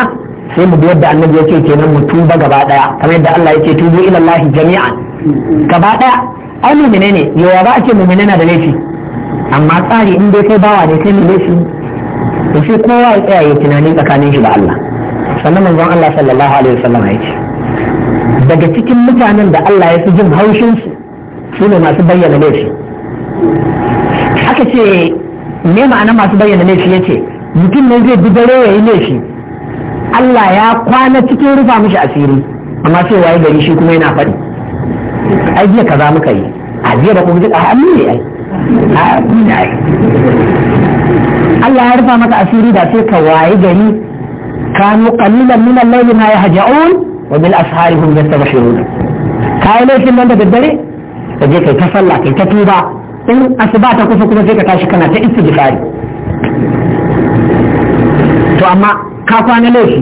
sai mu bi yadda annabi ya ke kenan mu tuba gaba daya kamar yadda Allah ya ce tubu ila Allah jami'an gaba daya ai mu'mine ne yawa ba a mu mu'mine na da laifi amma tsari in dai kai bawa ne kai mu laifi to shi kowa ya tsaya ya tunani tsakanin shi da Allah sannan manzon Allah sallallahu alaihi wasallam ya ce daga cikin mutanen da Allah ya fi jin haushin su su ne masu bayyana laifi aka ce me ma'ana masu bayyana laifi ya ce mutum ne zai bi dare ya yi laifi Allah ya kwana cikin rufa mishi asiri amma sai waye gari shi kuma yana faɗi ai jiya kaza muka yi a jiya ba ku ji a amma ne ai Allah ya rufa maka asiri da sai ka waye gari kanu qalilan min al-layl ma yahja'un wa bil ashari hum yastabshirun kai laifin nan da daddare ka je kai ta salla kai ta tuba in asuba ta kusa kuma sai ka tashi kana ta istighfari to amma ka kwana laifi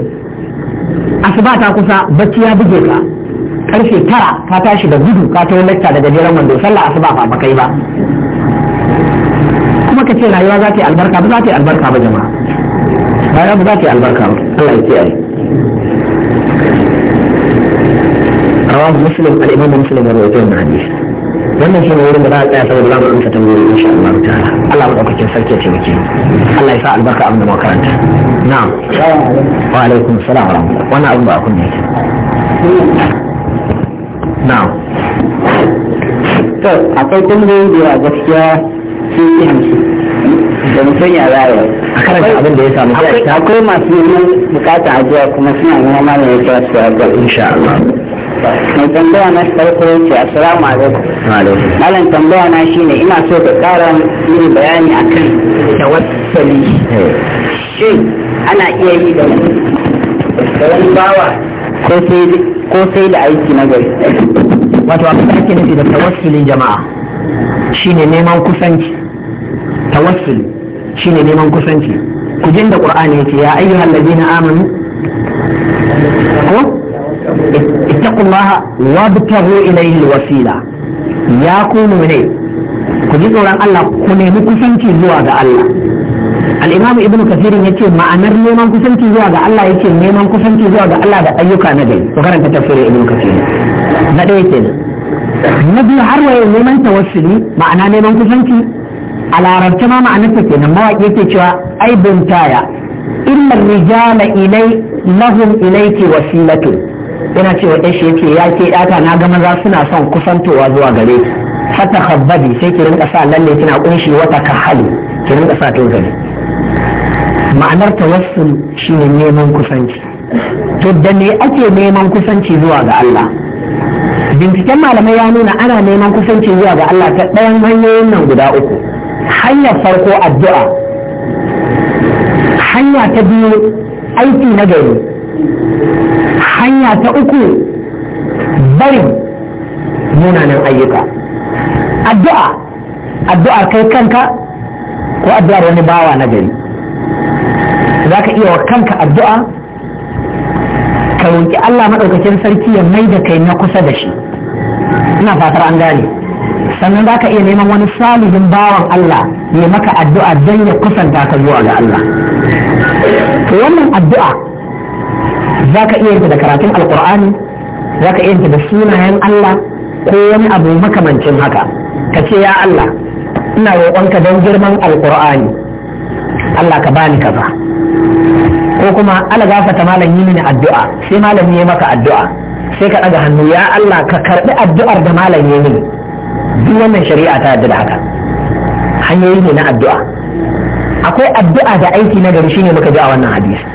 asuba ta kusa bacci ya buge ka karfe tara ka tashi da gudu ka ta lacca daga jiran wando sallah asuba ba ba kai ba kuma ce rayuwa za ta yi albarka ba za ta yi albarka ba jama'a rayuwa ba za ta yi albarka ba Allah ya kiyaye rawahu muslim al-imam muslim ya rawaito wannan hadisi wannan shine wurin da za a tsaya saboda za mu amsa tambayoyi insha Allah ta'ala Allah ɗaukakin sarki ya taimake Allah ya sa albarka abin da muka karanta na'am wa alaikum salam wa rahmatullahi wannan abin ba a kunne na'am to akwai tambayoyi da gaskiya sun yi hamsin. da mutum ya zaya a karanta abin da ya samu akwai masu yi bukata ajiya kuma suna nuna mana ya kira su ajiya insha Allah mai tambaya na farko ya ce assalamu alaikum malam tambaya na shine ina so ka kara yin bayani akan tawassali eh. shin ana iya yi da wani bawa ko sai da aiki na gari wato abin da ake nufi da tawassulin jama'a shine neman kusanci tawassul shine neman kusanci ku jin da qur'ani yake ya ayyuhal ladina amanu ko ittaqullaha wabtaghu ilayhi alwasila ya ku ne ku ji tsoron Allah ku nemi kusanci zuwa ga Allah al-imam ibnu kathir yace ma'anar neman kusanci zuwa ga Allah yake neman kusanci zuwa ga Allah da ayyuka na gari ku karanta tafsirin ibnu kathir na daya kenan na biyu har waye neman tawassuli ma'ana neman kusanci a larabci ma ma'anarsa kenan mawaƙi yake cewa ai buntaya inna rijala ilai lahum ilaiki wasilatu yana cewa shi yake ya ke ɗata na ga maza suna son kusantowa zuwa gare ki fata khabbadi sai ki rinka sa lalle kina kunshi wata kahali ki rinka sa to gare ma'anar tawassul shine neman kusanci to da ne ake neman kusanci zuwa ga Allah binciken malamai ya nuna ana neman kusanci zuwa ga Allah ta ɗayan hanyoyin nan guda uku hanyar farko addu'a hanya ta biyu aiki na gari hanya ta uku barin munanan ayyuka addu'a addu'a kai kanka ko addu'ar wani bawa na gari za ka iya wa kanka addu'a ka roƙi Allah maɗaukacin sarki ya mai da kai na kusa da shi ina fatar an gane sannan za ka iya neman wani salihin bawan Allah ya maka addu'a don ya kusanta ka zuwa ga Allah to wannan addu'a za ka iya da karatun alkur'ani za ka iya da sunayen Allah ko wani abu makamancin haka ka ce ya Allah ina roƙonka don girman alkur'ani Allah ka bani kaza ko kuma ala gafata malam yi mini addu'a sai malami ya maka addu'a sai ka ɗaga hannu ya Allah ka karɓi addu'ar da malam ya mini duk wannan shari'a ta yarda da haka hanyoyi ne na addu'a akwai addu'a da aiki na gari shine muka ji a wannan hadisi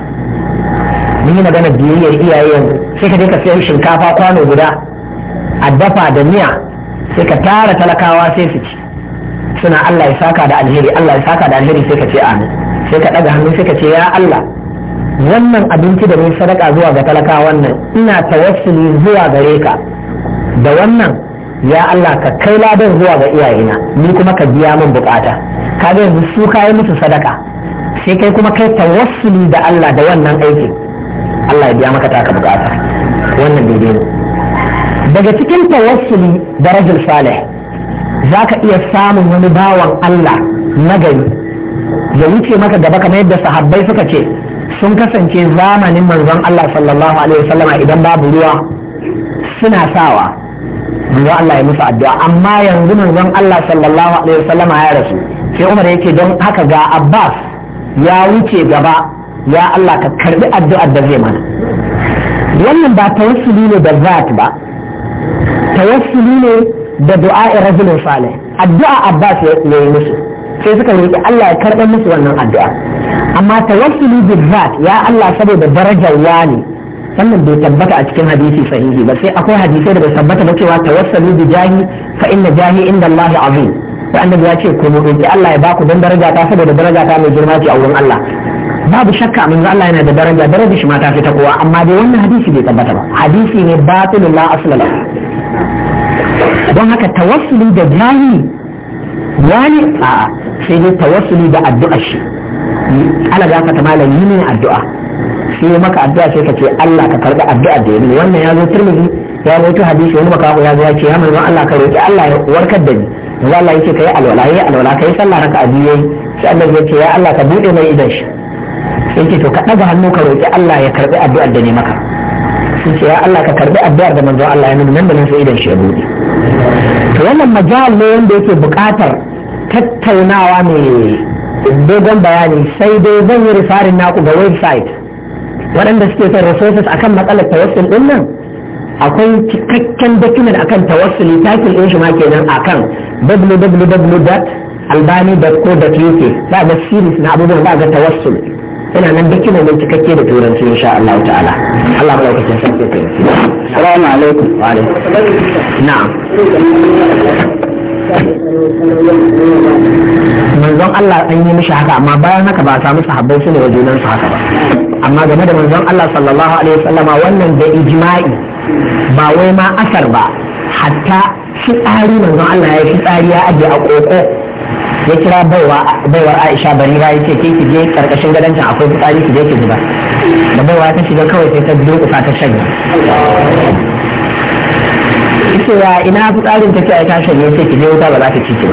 mun yi magana biyayyar iyayen sai ka je ka sayo shinkafa kwano guda a dafa da miya sai ka tara talakawa sai su ci suna Allah ya saka da alheri Allah ya saka da alheri sai ka ce amin sai ka daga hannu sai ka ce ya Allah wannan abinci da mun sadaka zuwa ga talakawan nan ina tawassuli zuwa gare ka da wannan ya Allah ka kai ladan zuwa ga iyayena ni kuma ka biya min bukata ga yanzu su kai musu sadaka sai kai kuma kai tawassuli da Allah da wannan aikin Allah ya biya maka taka bukata wannan daidai ne daga cikin tawassuli da rajul salih za ka iya samun wani bawan Allah na gari ya wuce maka gaba kamar yadda sahabbai suka ce sun kasance zamanin manzon Allah sallallahu alaihi wasallama idan babu ruwa suna sawa manzon Allah ya musu addu'a amma yanzu manzon Allah sallallahu alaihi wasallama ya rasu sai Umar yake don haka ga Abbas ya wuce gaba ya Allah ka karbi addu'ar da zai mana wannan ba tawassuli ne da zat ba tawassuli ne da du'a rajulin salih addu'a Abbas ya yi musu sai suka roki Allah ya karɓi musu wannan addu'a amma tawassuli bi zat ya Allah saboda darajar wani wannan bai tabbata a cikin hadisi sahihi ba sai akwai hadisai da bai tabbata ba cewa tawassalu bi jahi fa inna jahi inda Allah azim da annabi ya ce ku roki Allah ya baku don daraja ta saboda daraja ta mai girma ce a wurin Allah babu shakka manzo Allah yana da daraja daraja shi ma ta fi ta kowa amma dai wannan hadisi bai tabbata ba hadisi ne batilul la asla don haka tawassuli da jahi wani a sai dai tawassuli da addu'a shi Allah ya fata malami ne addu'a sai ya maka addu'a sai ka ce Allah ka karɓi addu'a da yi wannan ya zo turmi ya ta hadisi wani makamu ya zo ya ce ya mai Allah ka roƙi Allah ya warkar da ni yanzu Allah yake kai alwala yayi alwala yi sallah raka a biyu sai Allah ya ce ya Allah ka buɗe mai idan shi sai ce to ka ɗaga hannu ka roƙi Allah ya karɓi addu'ar da ne maka sai ce ya Allah ka karɓi addu'ar da manzon Allah ya nuna nan da nan sai idan shi ya buɗe. to wannan majal ne wanda yake buƙatar tattaunawa mai dogon bayani sai dai zan yi rifarin naku ga website waɗanda suke son resources akan matsalar tawassul din nan akwai cikakken document akan tawassuli takin din shi ma kenan akan www.albani.co.uk za ga series na abubuwan za ga tawassul ina nan document mai cikakke da turanci insha Allah ta'ala Allah madaukakin sarki ta yi assalamu alaikum wa alaikum na'am manzon Allah an yi mishi haka amma bayan haka ba a samu sahabbai su ne wa junansu haka ba amma game da manzon Allah sallallahu alaihi wasallama wannan da ijma'i ba wai ma asar ba hatta fitsari manzon Allah ya fitsari ya aje a koko ya kira baiwar Aisha Barira ya ce ke ki je karkashin gadon akwai fitsari ki je ki zuba da baiwa ta shiga kawai sai ta durƙusa ta shanya cewa ina fitsarin take a tashi ne sai ki je wuta ba za ta ci ki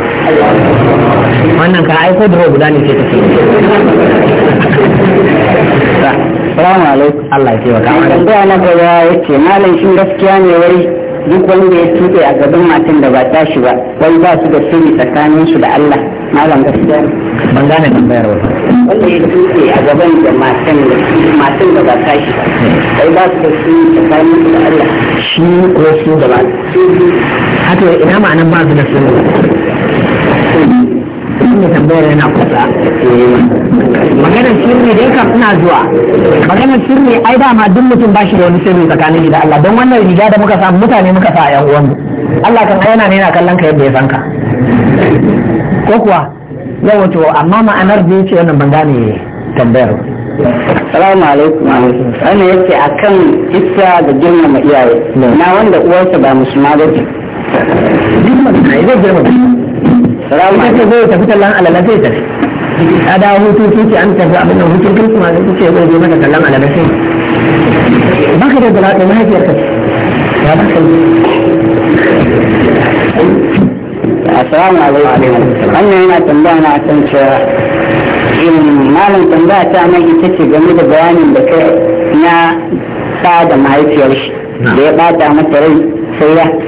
wannan ka aiko da guda ne sai ta ce Salamu alaikum. Allah ya taimaka. da na gaba ya ce malam shin gaskiya ne wai duk wanda ya tuɗe a gaban matan da ba tashi ba wai ba su da tsakanin su da Allah malam gaskiya ne. ban gane tambayar wata wanda ya tuke a gaban da matan matan da ba tashi sai ba su da su tsakanin da Allah shi ko su da ba su haka ina ma'anan ba su da su inda tambayar yana kusa maganar sirri dai ka suna zuwa maganar sirri ai dama duk mutum ba shi da wani sirri tsakanin gida Allah don wannan riga da muka samu mutane muka sa a yan uwan Allah kan yana ne yana kallon ka yadda ya san ko kuwa yawa to amma ma'anar da yace wannan ban gane tambayar Salamu alaikum wannan yake akan isa da ma iyaye na wanda uwarsa ba musulma ba ce Salamu alaikum zai tafi tallan alala zai tafi a da hutu tuki an tafi abin da hutun kirkuma da kuke zai je maka tallan alala sai baka da bala da mahaifiyarka ya baka assalamu alaikum wannan yana tambaya na kan cewa malam tambaya ta mai ita ce game da bayanin da kai na ta da mahaifiyar shi da ya bata mata rai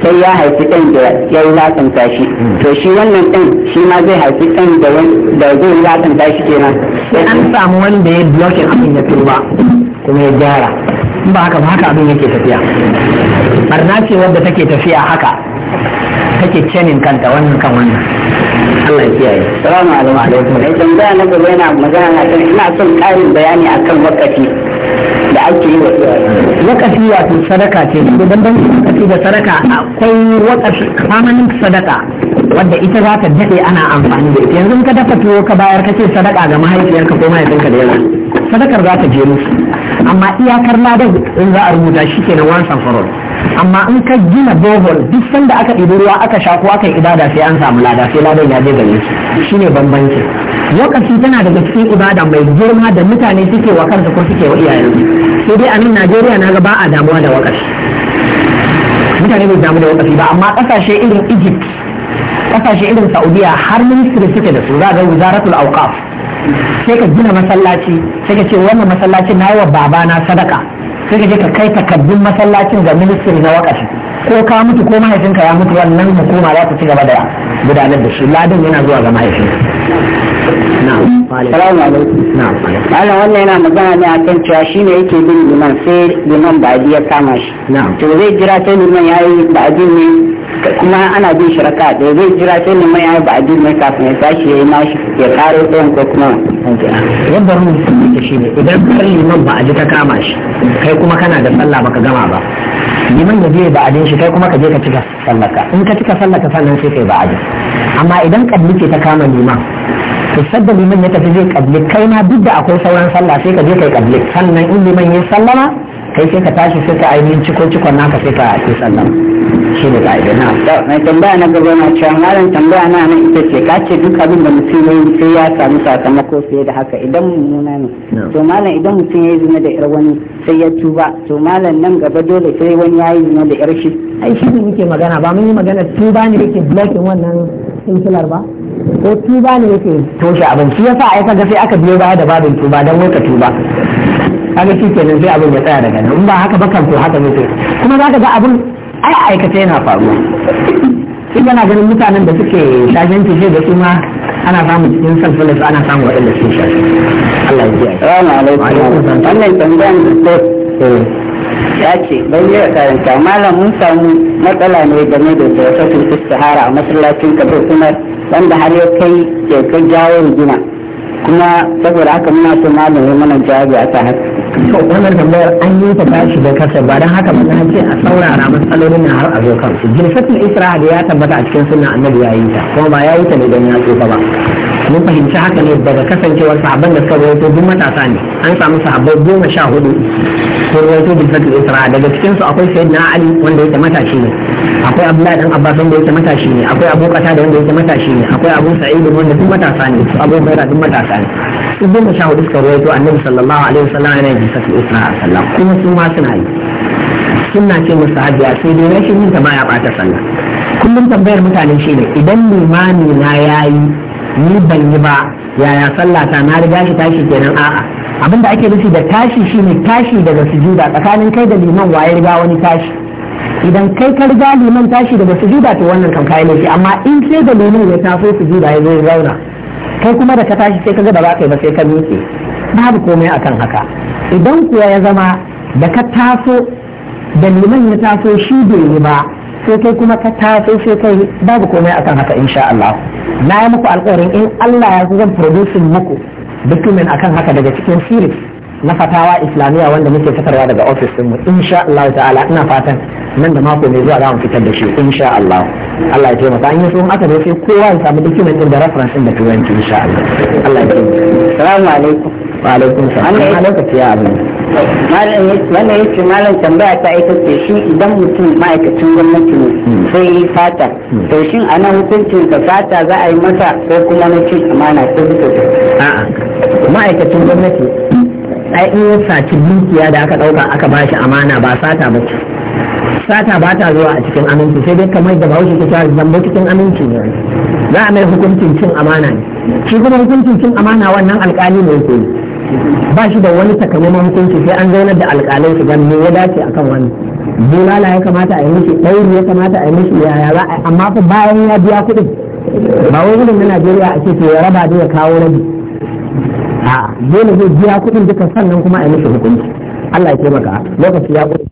sai ya haifi ɗan da ya wulaƙanta tashi to shi wannan ɗan shi ma zai haifi ɗan da zai wulaƙanta tashi kenan sai an samu wanda ya blokin abin ya tuba kuma ya gyara ba haka ba haka abin yake tafiya barna ce wadda take tafiya haka take cenin kanta wannan kan wannan Allah ya kiyaye salamu alaikum eh tambaya na gaba yana magana akan ina son ƙarin bayani akan wakati da ake yi wa wakati wato sadaka ce da bambanci wakati da sadaka akwai wakati kamanin sadaka wadda ita za ta daɗe ana amfani da ita yanzu ka dafa tuwo ka bayar kace sadaka ga mahaifiyarka ko mahaifinka da yawa sadakar za ta je musu amma iyakar ladan in za a rubuta shi kenan one and for amma in ka gina bohol duk sanda aka ɗibi ruwa aka sha ko aka yi ibada sai an samu lada sai ladan ya je gare shi shine bambanci lokaci tana daga cikin ibada mai girma da mutane suke wa kansu ko suke wa su sai dai a nan Najeriya na ga ba a damuwa da wakafi mutane bai damu da wakafi ba amma kasashe irin Egypt kasashe irin Saudiya har ministry suke da su za ga wuzaratul awqaf sai ka gina masallaci sai ka ce wannan masallacin na yi wa babana sadaka sai ka je ka kai takaddun masallacin ga ministry na wakashi ko ka mutu ko mahaifinka ya mutu wannan hukuma za ta ci gaba da gudanar da shi ladin yana zuwa ga mahaifin Salamu alaikum. Ana wannan yana magana ne a kan cewa shi ne yake bin liman sai liman ba ya kama shi. To zai jira sai liman ya yi ba'adi ne kuma ana bin shi raka da zai jira sai liman ya yi ba'adi ne kafin ya tashi ya yi mashi ya kare tsayin ko kuma. Yadda ruwan sun yi shi ne idan kar liman ba'adi ta kama shi. kai kuma kana da sallah baka gama ba liman ya zai ba'adin shi kai kuma ka je ka cika sallaka in ka cika sallaka sannan sai kai ba'adin amma idan kabli ke ta kama liman to sadda liman ya tafi zai kabli kai ma duk da akwai sauran sallah sai ka je kai kabli sannan in liman ya sallama kai sai ka tashi sai ka ainihin ciko cikon naka sai ka ake sallan shi ne ka'ida na mai tambaya na gaba na cewa malam tambaya na nan ita ce ka ce duk abin da mutum ya sai ya samu sakamako fiye da haka idan mummuna ne to malam idan mutum ya yi zina da yar wani sai ya tuba to malam nan gaba dole sai wani ya yi zina da yar shi ai shi ne muke magana ba mun yi magana tuba ne yake blocking wannan insular ba ko tuba ne yake toshe abin shi yasa ai kaga sai aka biyo baya da babin tuba dan wai ka tuba kaga shi kenan sai abin ya tsaya daga nan in ba haka ba kan to haka zai kuma za ka ga abin ai aikace yana faruwa shi yana ganin mutanen da suke shashanci shi da su ma ana samun cikin self ana samun waɗanda sun shashi Allah ya ji wannan tambayan da eh. ya ce bai yi karanta malam mun samu matsala ne game da zarafin istihara a masallacin kabir kuma wanda har ya kai ke jawo rigima kuma saboda haka muna so malami mana jawabi a ta haka to wannan tambayar an yi ta tashi da kasa ba don haka mun ce a saurara matsalolin na har a zo su jinsatul isra da ya tabbata a cikin sunna annabi ya yi ta kuma ba ya yi ta ne don ya tsofa ba mun fahimci haka ne daga kasancewar sahabban da suka rawaito duk matasa ne an samu sahabbai goma sha hudu ko rawaito jinsatul isra daga cikin su akwai sayyidina ali wanda yake matashi ne akwai abdullahi dan abbas wanda yake matashi ne akwai abu da wanda yake matashi ne akwai abu sa'id wanda duk matasa ne abu bayra duk matasa mutane hudu suka ruwaito annabi sallallahu alaihi wasallam yana yin sati a kuma su ma suna yi suna ce musu hajiya sai dai rashin yin ta baya bata sallah kullum tambayar mutane shine idan limami na yayi ni ban yi ba yaya sallah ta na riga shi tashi kenan a'a abin da ake nufi da tashi shine tashi daga sujuda tsakanin kai da liman waye riga wani tashi idan kai ka riga liman tashi daga sujuda to wannan kan kai laifi amma in sai da liman ya taso sujuda ya zo ya zauna kai kuma da ka tashi sai kaga ba za ka yi ba sai ka miƙe babu komai akan haka idan kuwa ya zama da ka taso da liman ya taso shi bai yi ba sai kai kuma ka taso sai kai babu komai akan haka insha Allah na yi muku alƙawarin in Allah ya zan producing muku document akan haka daga cikin series na fatawa islamiyya wanda muke fitarwa daga ofis ɗinmu insha Allah ta'ala ina fatan nan da mako mai zuwa za mu fitar da shi insha Allah Allah ya taimaka an yi sun aka sai kowa ya samu document din da reference da turanci insha Allah Allah ya taimaka assalamu alaikum wa alaikum salam an lokaci ya abin wannan yake malam tambaya ta ita ce shi idan mutum ma'aikacin gwamnati ne hmm. sai yi fata hmm. to shin a nan hukuncin ka fata za a yi masa ko kuma na cin amana ko bisa a'a ma'aikacin gwamnati ai sakin dukiya da aka ɗauka aka ba shi amana ba sata ba sata ba ta zuwa a cikin aminci sai dai kamar da bahaushe ke cewa zambo cikin aminci ne za a mai hukuncin cin amana ne shi kuma hukuncin cin amana wannan alƙali ne yake ba shi da wani takamaiman hukunci sai an zaunar da alƙalai su gan me ya dace akan wani bulala ya kamata a yi mishi ɗauri ya kamata a yi mishi yaya za a amma fa bayan ya biya kuɗin ba wani gudun na Najeriya a ce ya raba da ya kawo rabi a dole zai biya kuɗin duka sannan kuma a yi mishi hukunci Allah ya taimaka lokaci ya